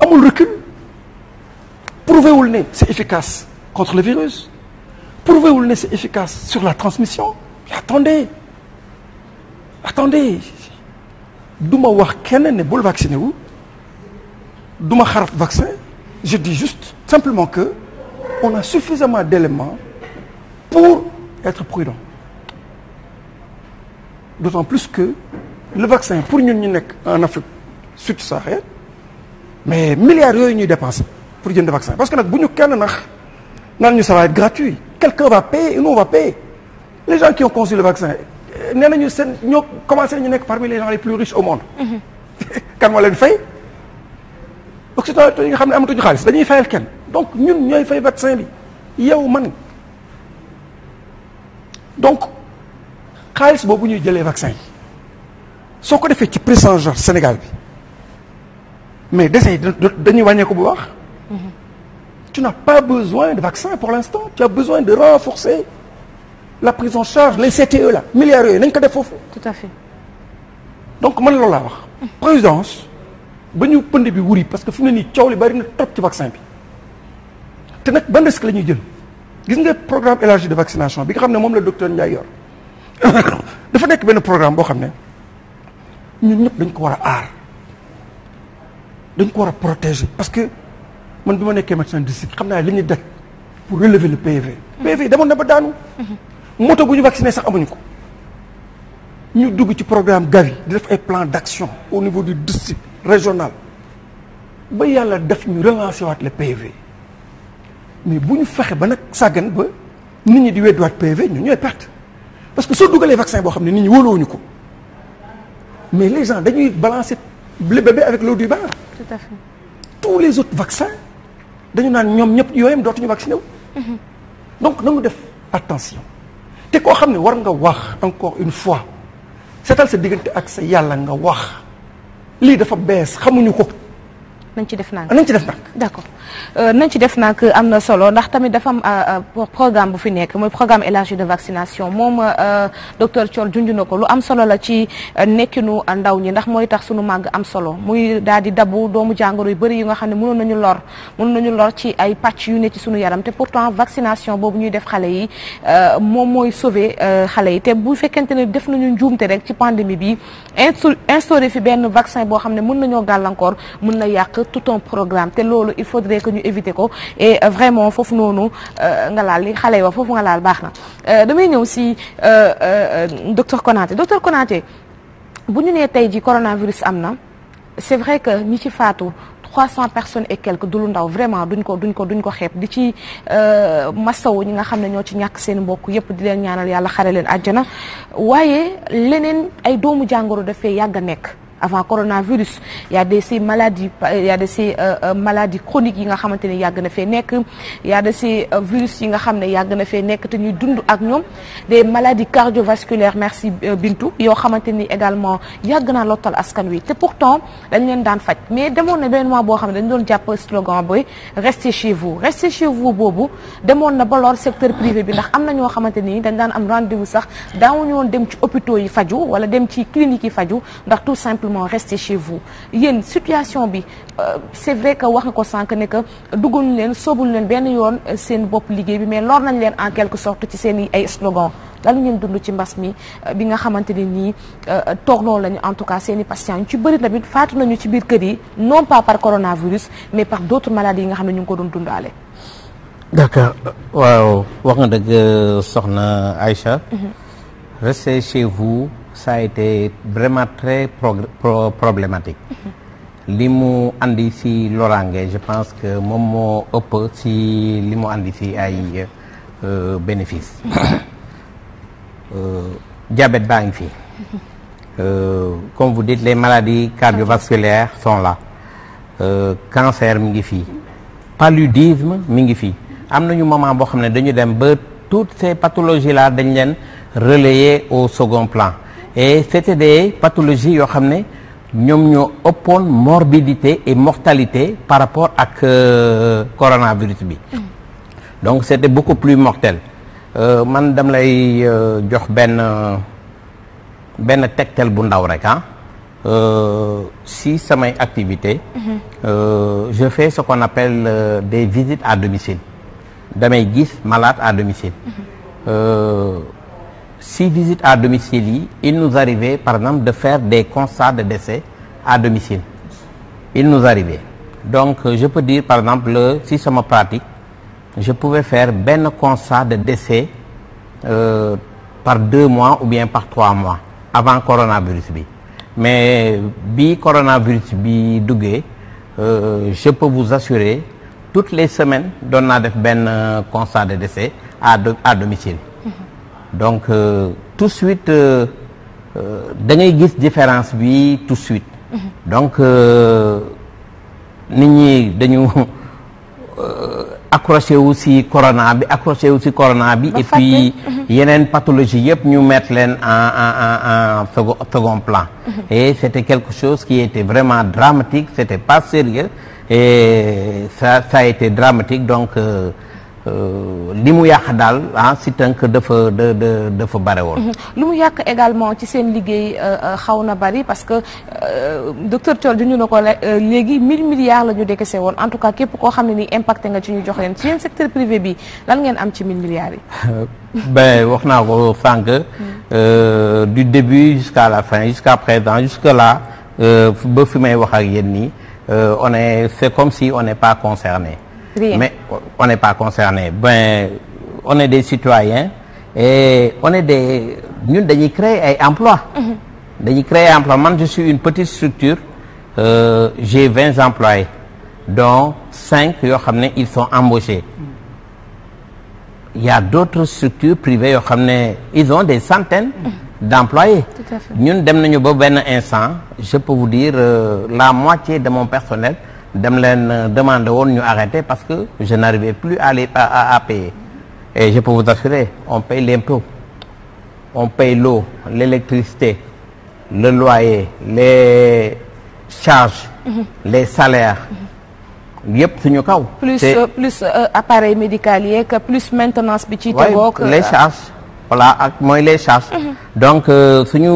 amul recul prouvé wul ne c'est efficace contre le virus prouvé wul ne c'est efficace sur la transmission mais attendez. attendez du ma wax kenn ne bul vacciné wu du ma xarab vaccin je dis juste simplement que on a suffisamment d'éléments pour être prudent d'autant plus que le vaccin pour ñun ñu nekk en Afrique subsaharienne mais milliards yooyu ñuy dépenser pour jënd vaccin parce que nag bu ñu kenn nax naan ñu ça va être gratuit quelqu'un va payer et nous on va payer les gens qui ont conçu le vaccin nee nañu seen ñoo commencé ñu nekk parmi les gens les plus riches au monde. kan moo leen fay. occidentaux yi nga xam ne amatuñu xaalis dañuy fayal kenn donc ñun ñooy fay vaccin bi yow man donc xaalis boobu ñuy jëlee vaccin yi soo ko defee ci prix changeur Sénégal bi mais décès yi dañuy wàññeeku bu baax. Mm-hmm. tu n'as pas besoin de vaccin pour l'instant tu as besoin de renforcer. la prise en charge les CTE là milliards yooyu nañ ko def foofu. tout à fait. donc man loolu laa wax. présidence ba ñu pënd bi wuri parce que fi ne nii coow li bari na trop ci vaccin bi te nag ban risque la ñuy jël gis nga programme élargi de vaccination bi nga xam ne moom la docteur Ndiaye yor dafa nekk benn programme boo xam ne ñun ñëpp dañ ko war a aar dañ ko war a protéger parce que man bi ma nekkee médecin district xam naa li ñuy daj pour relever le PV. PV demoon na ba daanu. Mm-hmm. moto bu ñu vacciné sax amuñu ko ñu dugg ci programme Gavi di def ay plan d'action au niveau du district régional ba yàlla def ñu relancer waat le PV mais bu ñu fexe ba nag sàggan ba nit ñi di weddiwaat PV ñu ñooy perte parce que soo dugalee vaccin boo xam ne nit ñi wóolowuñu ko mais les gens dañuy balancer le bébé avec l'eau du bain. tous les autres vaccins dañu naan ñoom ñëpp yooyam dootuñu vacciné wu. Mm-hmm. donc na mu def attention. te koo xam ne war nga wax encore une fois seetal sa diggante ak sa yàlla nga wax lii dafa bees xamuñu ko. nañ ci def ndànk nañ ci def ndànk d'accord. Euh, nañ ci def nag am na solo ndax tamit dafa am euh, euh, programme bu fi nekk mooy programme élargi de vaccination moom docteur Thiol junj na ko lu am solo la ci nekkinu ndaw ñi ndax mooy tax sunu màgg am solo muy daal di dabu doomu jàngoro yu bëri yu nga xam ne mënoon nañu lor mënoon nañu lor ci ay pàcc yu ne ci sunu yaram te pourtant vaccination boobu ñuy def xale yi moom mooy sauver xale yi te bu fekkente ne def nañu njuumte rek ci pandémie bi instauré fi benn vaccin boo xam ne mën nañoo gàllankoor mën na yàq fallait ñu éviter ko et euh, vraiment foofu noonu euh, nga laal li xale wa foofu nga laal baax na euh, damay ñëw si docteur Konaté docteur Konaté bu ñu nee tey ji coronavirus am na c'est vrai que ñi ci faatu 300 personnes et quelques du lu ndaw vraiment duñ ko duñ ko duñ ko xeeb di ci masawu ñi nga xam ne ñoo ci ñàkk seen mbokk yépp di leen ñaanal yàlla xare leen àjjana waaye leneen ay doomu jàngoro dafee yàgg a nekk avant coronavirus y a de ces maladies y a de ces euh, euh, maladies chroniques yi nga xamante ne yàgg na fee nekk y a de ces euh, yi nga xam ne yàgg na fee nekk te ñuy dund ak ñoom des maladies cardiovasculaires merci bintu yoo xamante ni également yàgg naa lottal askan wi te pourtant dañ leen daan faj mais demoon na benn mois boo xam ne dañ doon jàpp slogan bi restez chez vous restez boobu demoon na ba lor secteur privé bi ndax am na ñoo xamante ni dañ daan am rendez-vous sax daawuñu woon dem ci hôpitaux yi faju wala dem ci cliniques yi faju simplement rester chez vous yéen situation bi euh, c'est vrai que wax nga ko sànq ne que dugguñu leen soobuñu leen benn yoon euh, seen bopp liggéey bi mais lor nañ leen en quelque sorte ci seen i ay slogan lan ngeen dund ci mbas mi euh, bi nga xamante ne nii toog lañu en tout cas seen i patients ñu ci bëri tamit faatu nañu ci biir kër yi non pas par coronavirus mais par d'autres maladies yi nga xam ne ñu ngi ko doon dundaale. d'accord waaw wax nga dëgg soxna Aïcha. Mhm. restez chez ça été vraiment très pro pro problématique. li mu andi si loraange je pense que moom moo ëpp si li mu andi si ay euh, bénéfice euh, diabète baa ngi fi. Euh, comme vous dites les maladies cardiovasculaires sont là euh, cancer mi ngi fii paludisme mi ngi fii am nañu moment boo xam ne dañu dem ba toutes ces pathologies là dañ leen relayer au second plan et c'était des pathologies yoo xam ne ñoom ñoo ëppoon morbidité et mortalité par rapport ak euh, coronavirus bi mm. donc c'était beaucoup plus mortel euh, man dam lay euh, jox benn benn tegtal bu ndaw rek ah euh, si samay activité mm -hmm. euh, ce qu'on appelle euh, des visites à domicile damay gis malade à domicile mm si visite à domicile yi il nous arrivait par exemple de faire des constats de décès à domicile il nous arrivait donc euh, je peux dire par exemple si sama pratique je pouvais faire benn constat de décès euh, par deux mois ou bien par trois mois avant coronavirus bi mais bi coronavirus bi duggee euh, je peux vous assurer toutes les semaines doon naa def benn euh, constat de décès à à domicile donc euh, tout de suite euh, euh, da gis différence bi tout suite. Mhm. donc euh, nit ñi dañu accroché wu si corona bi accroché wu si corona bi. et puis mhm. yeneen pathologie yëpp ñu mettre leen en en en second second plan. Mhm. et c' était quelque chose qui était vraiment dramatique c' était pas sérieux et ça ça dramatique donc. Euh, li mu yàq daal ah si tënk dafa da da dafa bare woon. Mhm. lu mu yàq également ci seen liggéey euh, euh, xaw na bari parce que docteur Thiol junj ne ko léegi 1000 milliards la ñu décaissé woon en tout cas képp ko xam ne ni impacté nga ci ñu jox leen ci yéen secteur privé bi lan ngeen am ci 1000 milliards yi. ben wax naa ko sànq. Mhm. du début jusqu'à la fin jusqu'à présent jusque là ba fi may wax ak yéen nii on est c'est comme si on n'est pas concerné. Rien. Mais on n'est pas concerné. Ben, on est des citoyens et on est des ñun dañuy créer ay emplois. Mhm. dañuy créer ay emplois man je suis une petite structure euh, j'ai vingt employés dont cinq yoo xam ne ils sont embauchés. Il y a d'autres structures privées yoo xam ne ils ont des centaines. Mhm. d'employés. Tout à fait. ñun dem nañu ba benn instant je peux vous dire euh, la moitié de mon personnel. dem leen euh, demander woon ñu arrêter parce que je n'arrivais plus à les à, à, à payer et je peux vous assurer on paye l'impôt on paye l'eau l'électricité le loyer les charges mm -hmm. les salaires mhm. yëpp suñu kaw plus euh, plus euh, appareil médical yeeg plus maintenance bi ci tebook les charges voilà ak mooy les charges mhm. donc suñu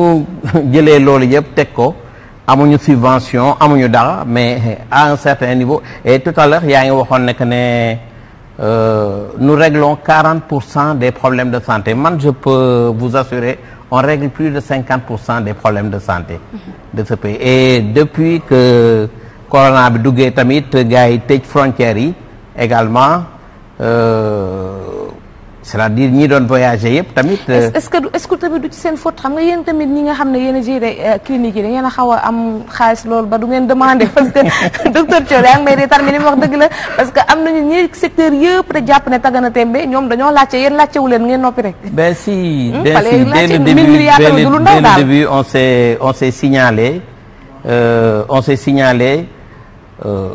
jëlee loolu yëpp teg ko amuñu subvention amuñu dara mais à un certain niveau et tout à l'heure yaa ngi waxoon nekk ne euh, nous réglons 40 pour cent des problèmes de santé man je peux vous assurer on règle plus de 50 pour cent des problèmes de santé de ce pays et depuis que corona bi duggee tamit gars yi tëj frontières yi également euh, c'est-à-dire ñi doon voyager yëpp tamit. Euh, est-ce que est-ce que tamit du ci seen faute xam nga yéen tamit ñi nga xam ne yéen a géré euh, clinique yi da ngeen a xaw a am xaalis loolu ba du ngeen demandé parce que docteur Thiol yaa ngi may retardé li mu wax dëgg la parce que am nañu ñi secteur yëpp te jàpp ne Tagana Tembe ñoom dañoo laajte yéen laajte wu leen ngeen noppi rek. ben si. Hmm? dès le début dès le début on s'est on s'est euh,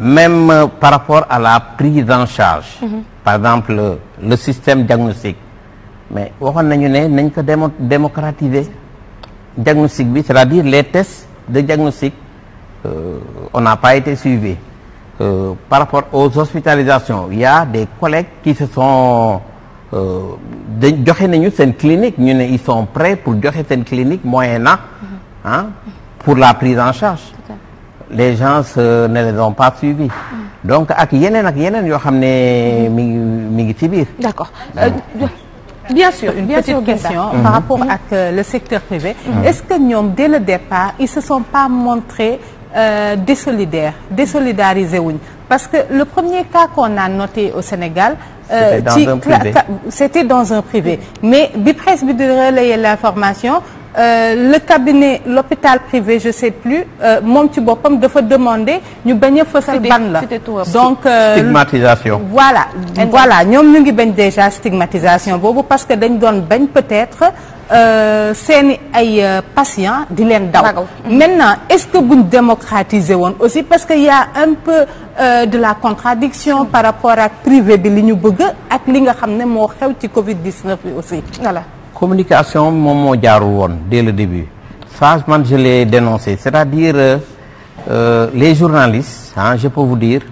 même euh, par rapport à la prise en charge. Mm par exemple le, système diagnostic mais waxoon nañu ne nañ ko démo démocratiser diagnostic bi c'est-à-dire les tests de diagnostic euh, on n'a pas été suivi euh, par rapport aux hospitalisations il y des collègues qui se sont euh, da joxe nañu seen clinique ñu ne ils sont prêts pour joxe seen clinique moyennant ah pour la prise en charge. les gens euh, ne les ont pas suivis. Mm. donc ak yeneen ak yeneen yoo xam ne mi ngi mi ngi ci biir. d'accord euh, euh, bien sûr une bien petite sûr, question mm -hmm. par rapport mm -hmm. ak euh, le secteur privé. Mhm. est-ce que ñoom dès le départ ils se sont pas montrés euh, désolidaires désolidarisés wuñ parce que le premier cas qu'on a noté au Sénégal. c'était dans euh, un privé c'était dans un privé mais bi presse bi di relayer l'information. Euh, le cabinet l'hôpital privé je sais plus euh, moom ci boppam dafa demander ñu bañ a fësal ban la donc euh, stigmatisation voilà voilà ñoom ñu ngi bañ déjà stigmatisation boobu parce que dañ doon bañ peut-être seeni ay patients di leen daw mm-hmm. maintenant est-ce que buñ démocratiser woon aussi parce que y a un peu de la contradiction par rapport ak privé bi li ñu bëgg ak li nga xam ne moo xew ci Covid 19 bi aussi voilà communication moom moo jaarul woon dès le début ça man je l'ai dénoncé c'est-à-dire euh, euh les journalistes ah je peux vous dire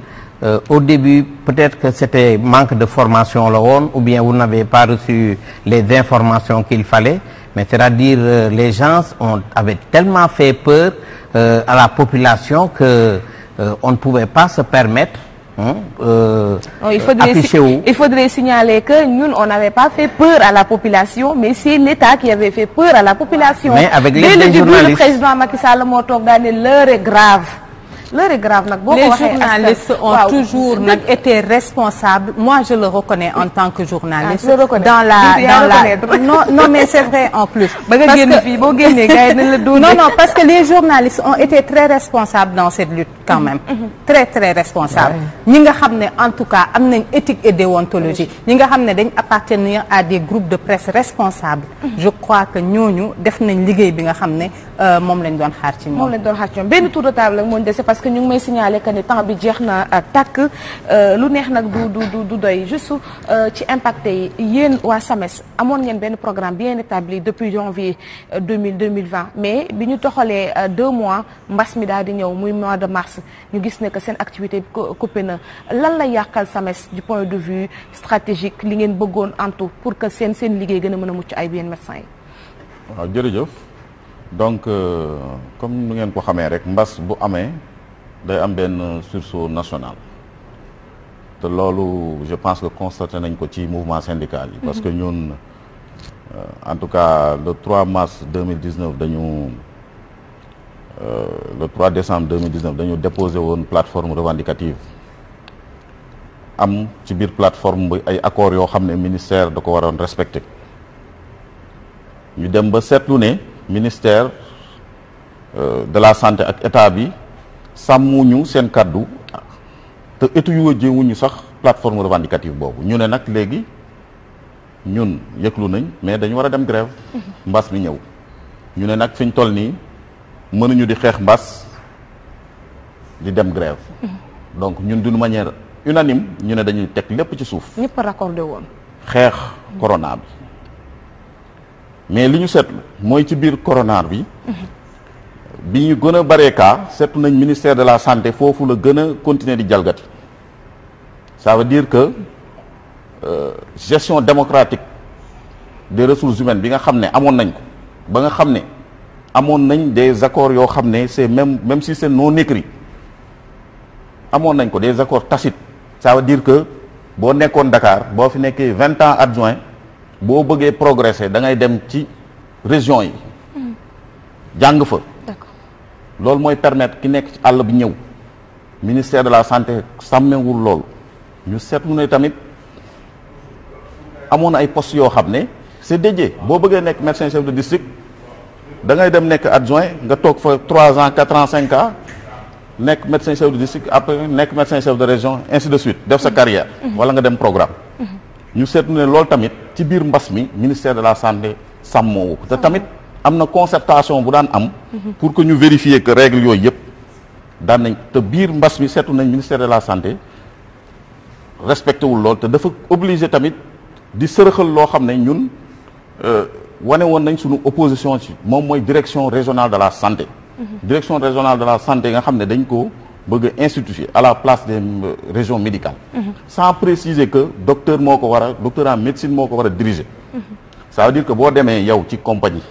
euh, au début peut-être que c'était manque de formation la woon ou bien vous n'avez pas reçu les informations qu'il fallait mais c'est-à-dire euh, les gens ont avaient tellement fait peur euh, à la population que euh, on ne pouvait pas se permettre Euh, non, il faudrait affiché wu. il faudrait signaler que ñun on n'avait pas fait peur à la population mais c'est l'État qui avait peur à la population. mais avec les, Dès les le journalistes dès le début le moo toog grave. le est grave nag boo ko waxee les ont toujours été responsables moi je le reconnais en tant que journaliste. Ah, dans la dans la non non mais c'est vrai en plus. parce que ba nga génn boo génnee gars la doon. non non parce que les journalistes ont été très responsables dans cette lutte quand mm-hmm, même. Mm-hmm. très très responsables. ñi nga xam ne en tout cas am nañ éthique et déontologie ñi nga xam ne dañ appartenir à des groupes de presse responsables. Mm-hmm. je crois que ñooñu def nañ liggéey bi nga xam ne. Euh, moom lañ doon xaar ci ñoom. moom lañ doon xaar ci ñoom benn tour de table ak moo ñu dese parce que ñu ngi may signaler que ni temps bi jeex na euh, tàkk euh, lu neex nag du doy juste ci impacté yi yéen waa SAMES amoon ngeen benn programme bien établi depuis janvier deux mille deux mille vingt mais bi ñu toxalee deux mois mbas mi daal di ñëw muy mois de mars ñu gis ne que seen activité coupé na lan la yàqal SAMES du point de vue stratégique li ngeen bëggoon antu pour que seen seen liggéey gën a mën a mucc ay bien médecins donc euh, comme nu ngeen ko xamee rek mbas bu amee day am benn sursaut national te loolu je pense que constaté nañ ko ci mouvement syndical yi parce que mhm. ñun euh, en tout cas le 3 mars 2019 dañu euh, le 3 décembre 2019 dañu déposé woon plateforme revendicative am ci biir plateforme bi ay accords yoo xam ne ministère da ko waroon respecté ñu dem ba seetlu ne ministère euh, de la santé ak état bi sàmm sàmmuñu seen kàddu te étudier wuñu sax plateforme revendicative boobu ñu ne nag léegi ñun yëglu nañ mais dañu war a dem grève mbas mi ñëw ñu ne nag fi toll nii mënuñu di xeex mbas di dem grève donc ñun d'une manière unanime ñu ne dañuy teg lépp ci suuf. ñëpp raccordé woon. xeex corona bi. mais li ñu seetlu mooy ci biir corona bi bi ñu gën a baree cas seetlu nañ ministère de la santé foofu la gën a continuer di jalgati ça veut dire que euh, gestion démocratique des ressources humaines bi nga xam ne amoon nañ ko ba nga xam ne amoon nañ des accords yoo xam ne c'est même même si c'est non écrit amoon nañ ko des accords tacites ça veut dire que boo nekkoon Dakar boo fi nekkee vingt ans adjoint boo bëggee progresser da ngay dem ci région yi jàng fa loolu mooy permettre ki nekk ci àll bi ñëw ministère de la santé sàmmewul loolu ñu seetlu ne tamit amoon na ay postes yoo xam ne c'est dédié boo bëggee nekk médecin chef de district da ngay dem nekk adjoint nga toog fa trois ans quatre ans cinq ans nekk médecin chef de district après nekk médecin chef de région ainsi de suite def sa mm. carrière mm. wala nga dem programme ñu seetlu ne loolu tamit ci biir mbas mi ministère de la santé sàmmoo te tamit am na concertation bu daan am pour que ñu vérifier que règles yooyu yëpp daan nañ te biir mbas mi seetu nañ ministère de la santé respecté wul lool te dafa obliger tamit di sërëxal loo xam ne ñun euh, wane woon nañ sunu opposition ci moom mooy direction régionale de la santé mhm. direction régionale de la santé nga xam ne dañ ko bëgg a instituer à la place des région médicales sans préciser que docteur moo ko war a docteur en médecine moo ko war a diriger ça veut dire que boo demee yow ci compagnie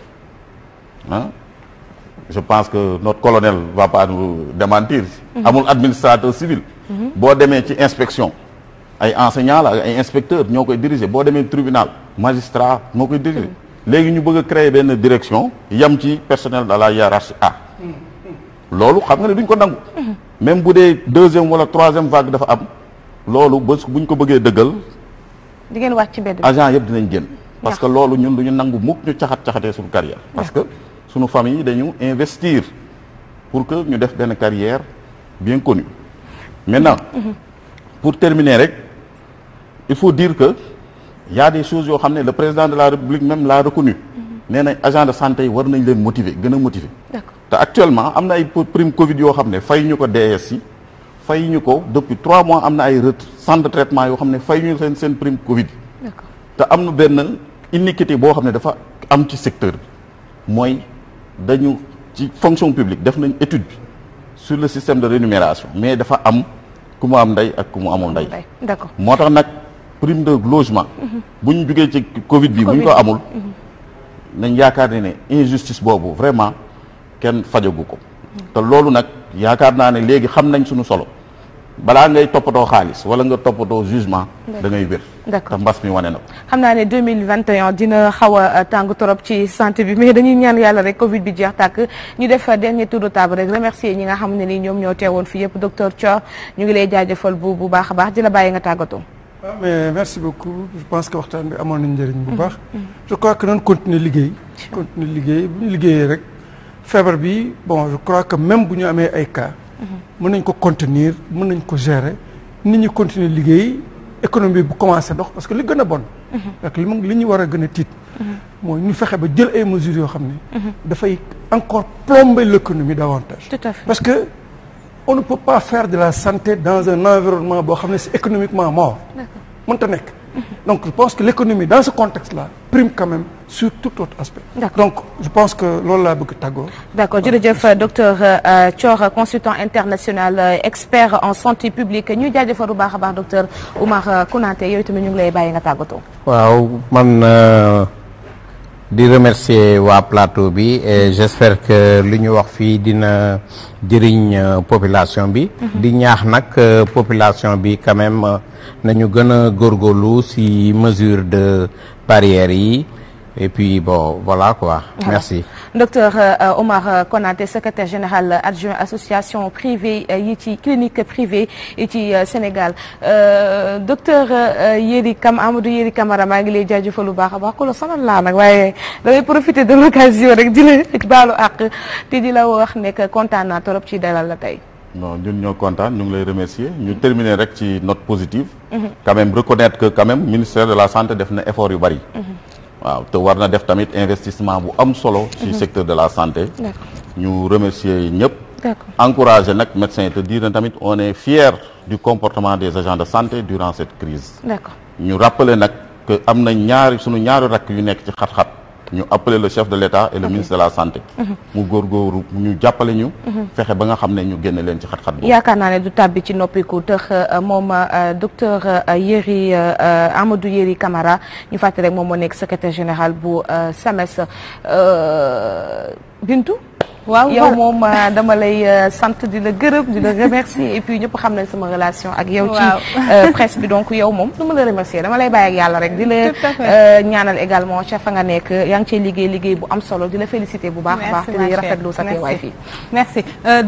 je pense que notre colonel va pas nous démentir amul administrateur civil boo demee ci inspection ay enseignants la ay inspecteurs ñoo koy diriger boo demee tribunal magistrat moo koy diriger léegi ñu bëgg a créer benn direction yam ci personnel de la hiérarchie A loolu xam nga ne duñ ko nangu même bu dee deuxième wala troisième vague dafa am loolu bés bu ñu ko bëggee dëggal. di ngeen wàcc ci mbedd agent yëpp dinañ génn. parce que loolu ñun du ñu nangu mukk ñu caxat caxatee suñu carrière. parce que suñu famille dañu investir pour que ñu def benn carrière bien connue. maintenant mhm. Mhm. pour terminer rek il faut dire que y a des yoo xam ne le président de la république même l'a reconnu mhm. nee nañ agent de santé yi war nañ leen motiver gën a motiver. d'accord te actuellement am na ay prime Covid yoo xam ne fay ñu ko DES yi fay ko depuis trois mois am na ay centre de traitement yoo xam ne fay ñu seen seen prime Covid te am na benn iniquité boo xam ne dafa am ci secteur bi mooy dañu ci fonction publique def nañ étude bi sur le système de rénumération mais dafa am ku mu am ndey ak ku mu amul ndey d'accord moo tax nag prime de logement mhm. bu ñu jugee ci Covid bi bu ñu ko amul mhm. nañ yaakaar ne ne injustice boobu vraiment kenn fajagu ko te loolu nag yaakaar naa ne léegi xam nañ suñu solo balaa ngay toppatoo xaalis wala nga toppatoo jugement da ngay wér d'accord te mbas mi wane na xam naa ne 2021 dina xaw a euh, tàng torop ci santé bi mais dañuy ñaan yàlla rek covid bi jeex tàkk ñu def euh, dernier tour de table rek remercier ñi nga xam ne ni ñoom ñoo teewoon fi yëpp docteur Thior ñu ngi lay jaajëfal bu bu baax a baax di la bàyyi nga tàggatoo waaw mais merci beaucoup je waxtaan bi amoon nañ njëriñ bu mm-hmm. baax mm-hmm. je liggéey continuer liggéey bu liggéeyee rek feebar bi bon je crois que même bu ñu amee ay cas. mën nañ ko contenir mën nañ ko gérer nit ñi continuer liggéey économie bu commencé dox parce que li gën a bon. Mhm. ak li li ñu war a gën a tiit. Mhm. mooy ñu fexe ba jël ay mesures yoo xam ne. Mhm. dafay encore plomber l'économie davantage. tout à fait parce que on ne peut pas faire de la santé dans un environnement boo xam ne si économiquement mort. mënta nekk. Donc je pense que l'économie dans ce contexte-là prime quand même sur tout autre aspect. Donc je pense que loolu laa bëgg tàggoo. D'accord jërëjëf docteur euh, euh, Thior consultant international euh, expert en santé publique ñu jaajëfal bu baax a baax docteur Oumar Konaté yooyu tamit ñu ngi lay bàyyi nga tàggatoo. waaw di remercier waa plateau bi et j'espère que lu ñu wax fii dina jëriñ euh, population bi mhm. di ñaax nag euh, population bi quand euh, nañu gën a góorgóorlu si mesure de barrière yi et boo bon voilà quoi voilà. merci docteur euh, Omar Konaté secrétaire général adjoint association privée euh, yi ci clinique privée yi ci euh, Sénégal euh, docteur Yéri Kam Amadou Yéri Camara maa ngi lay jaajëfal lu baax a baax ku la sonal laa nag waaye damay profiter de l'occasion rek di la baalu àq te di la wax nekk kontaan naa trop ci dalal la tey non ñun ñoo kontaan ñu ngi lay remercier ñu terminer rek ci note positive mhm. quand même reconnaître que quand même ministère de la santé def na effort yu bari mhm. waaw te war na def tamit investissement bu am solo ci mhm. secteur de la santé ñu remercier ñëpp encourager nag médecin te dire na tamit on est fier du comportement des agents de santé durant cette crise ñu rappeler nag que am na ñaari sunu ñaari rakk yu nekk ci xat-xat ñu appeler le chef de l'État et le ministre de la santé mhm. mu góorgóoru ñu jàppale ñu mhm. fexe ba nga xam ne ñu génne leen ci xat-xat boobu yaakaar naa ne du tàbbi ci noppiku tëx euh, moom euh, docteur euh, Yéri Amadou Yéri Camara ñu fàtte rek moom moo nekk secrétaire général bu SAMES Bintu waaw yow moom euh, dama lay euh, sant di la gërëb di la remercier et puis ñëpp xam nañ sama relation ak yow ci euh, presse bi donc yow moom du ma la remercier dama lay bàyyi ak yàlla rek di la ñaanal également ca fa nga nekk yaa ngi cee liggéey liggéey bu am solo di la féliciter bu baax a baax di la rafetlu sa teewaay fii merci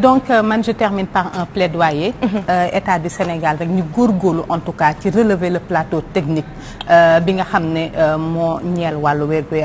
donc man je termine par un plaidoyer mm-hmm. état du Sénégal rek ñu góorlu en tout cas ci relever le plateau technique bi nga xam ne moo ñeel wàllu wér gu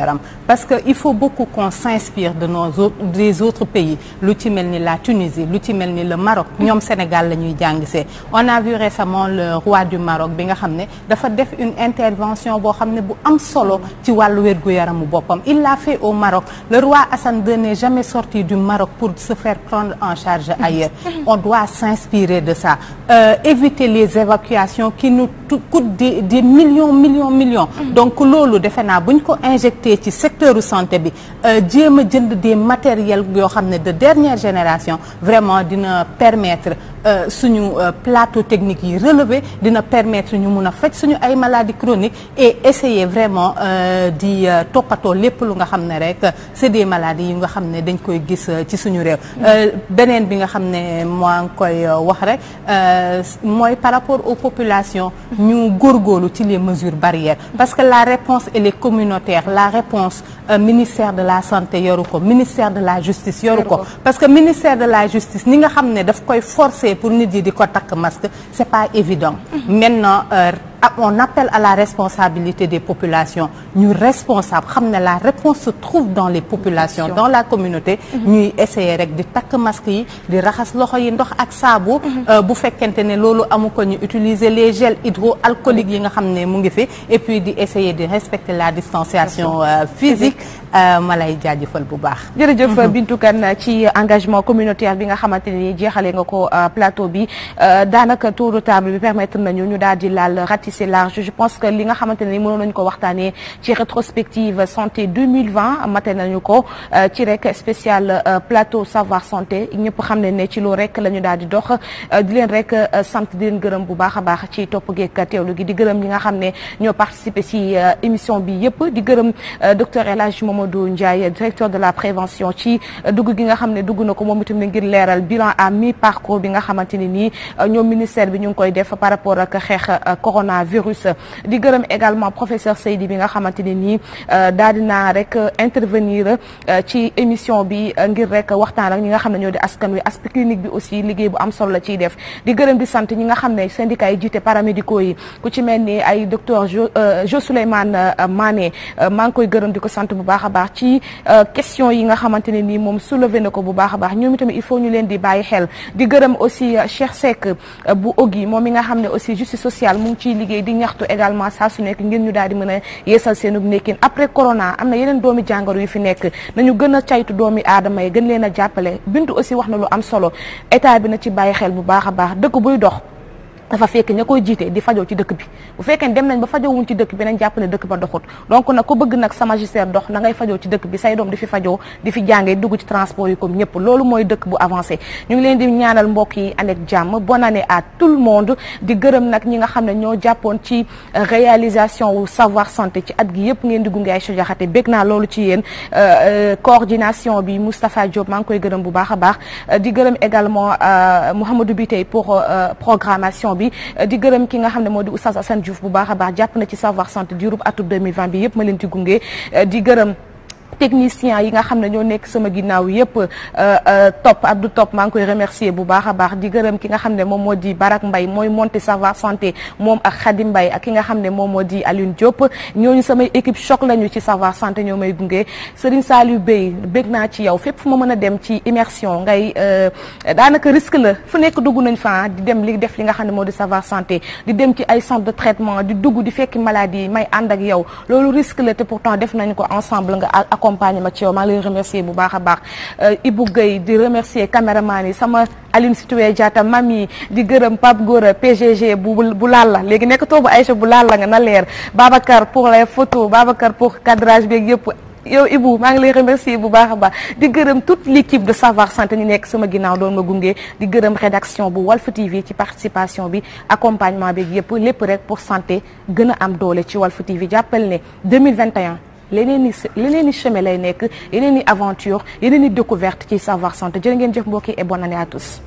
parce que il faut beaucoup qu'on s'inspire de nos autres des autres pays lu ci mel ni la Tunisie lu ci mel ni le Maroc ñoom Sénégal la ñuy jàngisee on a vu récemment le roi du Maroc bi nga xam ne dafa def une intervention boo xam ne bu am solo ci wàllu wér-gu-yaramu boppam il l'a fait au Maroc le roi Hassan II n'est jamais sorti du Maroc pour se faire prendre en charge ailleurs on doit s'inspirer de sa euh, éviter les évacuations qui nous coûtent des, des millions millions donc loolu defe naa buñ ko injecté ci secteur santé bi euh, jéem a jënd des xam ne de dernière génération vraiment dina permettre euh, suñu euh, plateau technique yi relever dina permettre ñu mun a faj suñu ay maladies chroniques et essayer vraiment euh, di toppatoo lépp lu nga xam ne rek c'est des maladies yi nga xam ne dañ koy gis ci suñu réew beneen bi nga xam ne maa ngi koy wax rek mooy par rapport aux populations ñu góor góorgóorlu ci les mesures barrières parce que la réponse elle communautaire la réponse euh, ministère de la santé yoru ko ministère de la justice justice yoru ko parce que ministère de la justice ni nga xam ne daf koy forcer pour nit yi di ko takk masque c'est pas évident mm-hmm. maintenant euh, on appelle à la responsabilité des populations ñu responsable xam ne la réponse se trouve dans les populations dans la communauté mhm. ñuy essayer rek di takk masque yi di raxas loxo yi ndox ak saabu mhm. euh, bu fekkente ne loolu amu ko ñu utiliser les gels hydroalcooliques yi nga xam ne mu ngi fi et puis di essayer di respecter la distanciation euh, physique euh, ma lay jaajëfal bu baax jërëjëf mhm. Bintou Kane ci engagement communautaire bi nga xamante ne jeexale nga ko plateau bi daanaka tour de table bi permettre nañu ñu daal di laal c'est large je pense que li nga xamante ne mënoon nañu ko waxtaanee ci rétrospective santé 2020 mate nañu ko euh, ci rek spécial euh, plateau savoir santé ñëpp xam ne ne ci loolu rek la ñu daal di dox euh, di leen rek sant di leen gërëm bu baax a baax ci topp geeg teewlu gi di gërëm ñi nga xam ne ñoo participé ci émission bi yëpp di gërëm docteur El Hadj Mamadou Ndiaye directeur de la prévention ci dugg gi nga xam ne dugg na ko moom itam ne ngir leeral bilan à mi parcours bi nga xamante ne nii ñoom ministère bi ñu ngi coronavirus di gërëm également professeur Seydi bi nga xamante ne nii euh, daal dinaa rek euh, intervenir euh, ci émission bi ngir rek waxtaan ak ñi nga xam ne ñoo di askan wi aspect clinique bi aussi liggéey bu am solo la ciy def di gërëm di sant ñi nga xam ne syndicat yi jiite paramédicaux yi ku ci mel ni ay docteur Jo Souleymane Mané maa ngi koy gërëm di ko sant bu baax a baax ci question yi nga xamante ne nii moom soulevé na ko bu baax a baax ñoom itamit il faut ñu leen di bàyyi xel di gërëm aussi Cheikh liggéey di ñaxtu également saa su nekk ngir ñu daal di mën a yeesal seenub nekkin après corona am na yeneen doomi jàngoro yu fi nekk nañu gën a caytu doomi aadama yi gën leen a jàppale bintu aussi wax na lu am solo état bi na ci bàyyi xel bu baax a baax dëkk buy dox dafa fekk ña koy jiite di fajoo ci dëkk bi bu fekkee dem nañ ba fajoowuñ ci dëkk bi nañ jàpp dëkk ba doxut donc nag ko bëgg nag sa magistère dox na ngay fajoo ci dëkk bi say doom di fi fajoo di fi jàngee dugg ci transport yi comme ñëpp loolu mooy dëkk bu avancé ñu ngi leen di ñaanal mbokk yi ànd ak jàmm bonne année à tout le monde di gërëm nag ñi nga xam ne ñoo jàppoon ci réalisation wu savoir santé ci at gi yëpp ngeen di gunge ay sojaxate bég naa ci yéen euh, euh, coordination bi Moustapha Diop maa ngi koy gërëm bu baax a baax euh, di gërëm également Mouhamadou Bitey pour programmation bi bi euh, di gërëm ki nga xam ne moo di oustaz Assane Diouf bu baax a baax jàpp na ci savoir santé diirub atum 2020 bi yëpp ma leen ci gunge euh, di gërëm technicien yi nga xam ne ñoo nekk sama ginnaaw yëpp euh, euh, topp Abdou Top maa ngi koy remercier bu baax a baax di gërëm ki nga xam ne moom moo di Barak Mbaye mooy monté savoir santé moom ak Khady mbay ak ki nga xam ne moom moo di Alioune jopp ñooñu samay équipe choc lañu ci savoir santé ñoo may gunge Serigne Saliou Bey bég naa ci yow fépp fu ma mën a dem ci immersion ngay euh, daanaka risque la fu nekk dugg nañ fa di dem li def li nga xam ne moo di savoir santé di dem ci ay centre de traitement di dugg di fekki maladie yi may ànd ak yow ko accompagnement ci yow maa remercier bu baax a baax euh, Ibou Gueye di remercier caméraman yi sama Aline Sitoé Diatta mami di gërëm Pape Gora PGG bu bu laal la léegi nekk toobu Aïcha bu laal la nga na leer Babacar pour les photos Babacar pour cadrage beeg yëpp yow Ibou maa ngi lay remercier bu baax a baax di gërëm toute l'équipe de Savoir Santé ñu nekk sama ginnaaw doon ma gunge di gërëm rédaction bu wal Walf TV ci participation bi accompagnement bi yëpp lépp rek pour santé gën am doole ci Walf TV jàppal ne 2021 leneen i leneen lay nekk yeneen i aventure yeneen i découverte ci Savoir Santé jërë ngeen jëf mbokk yi et bonne année à tous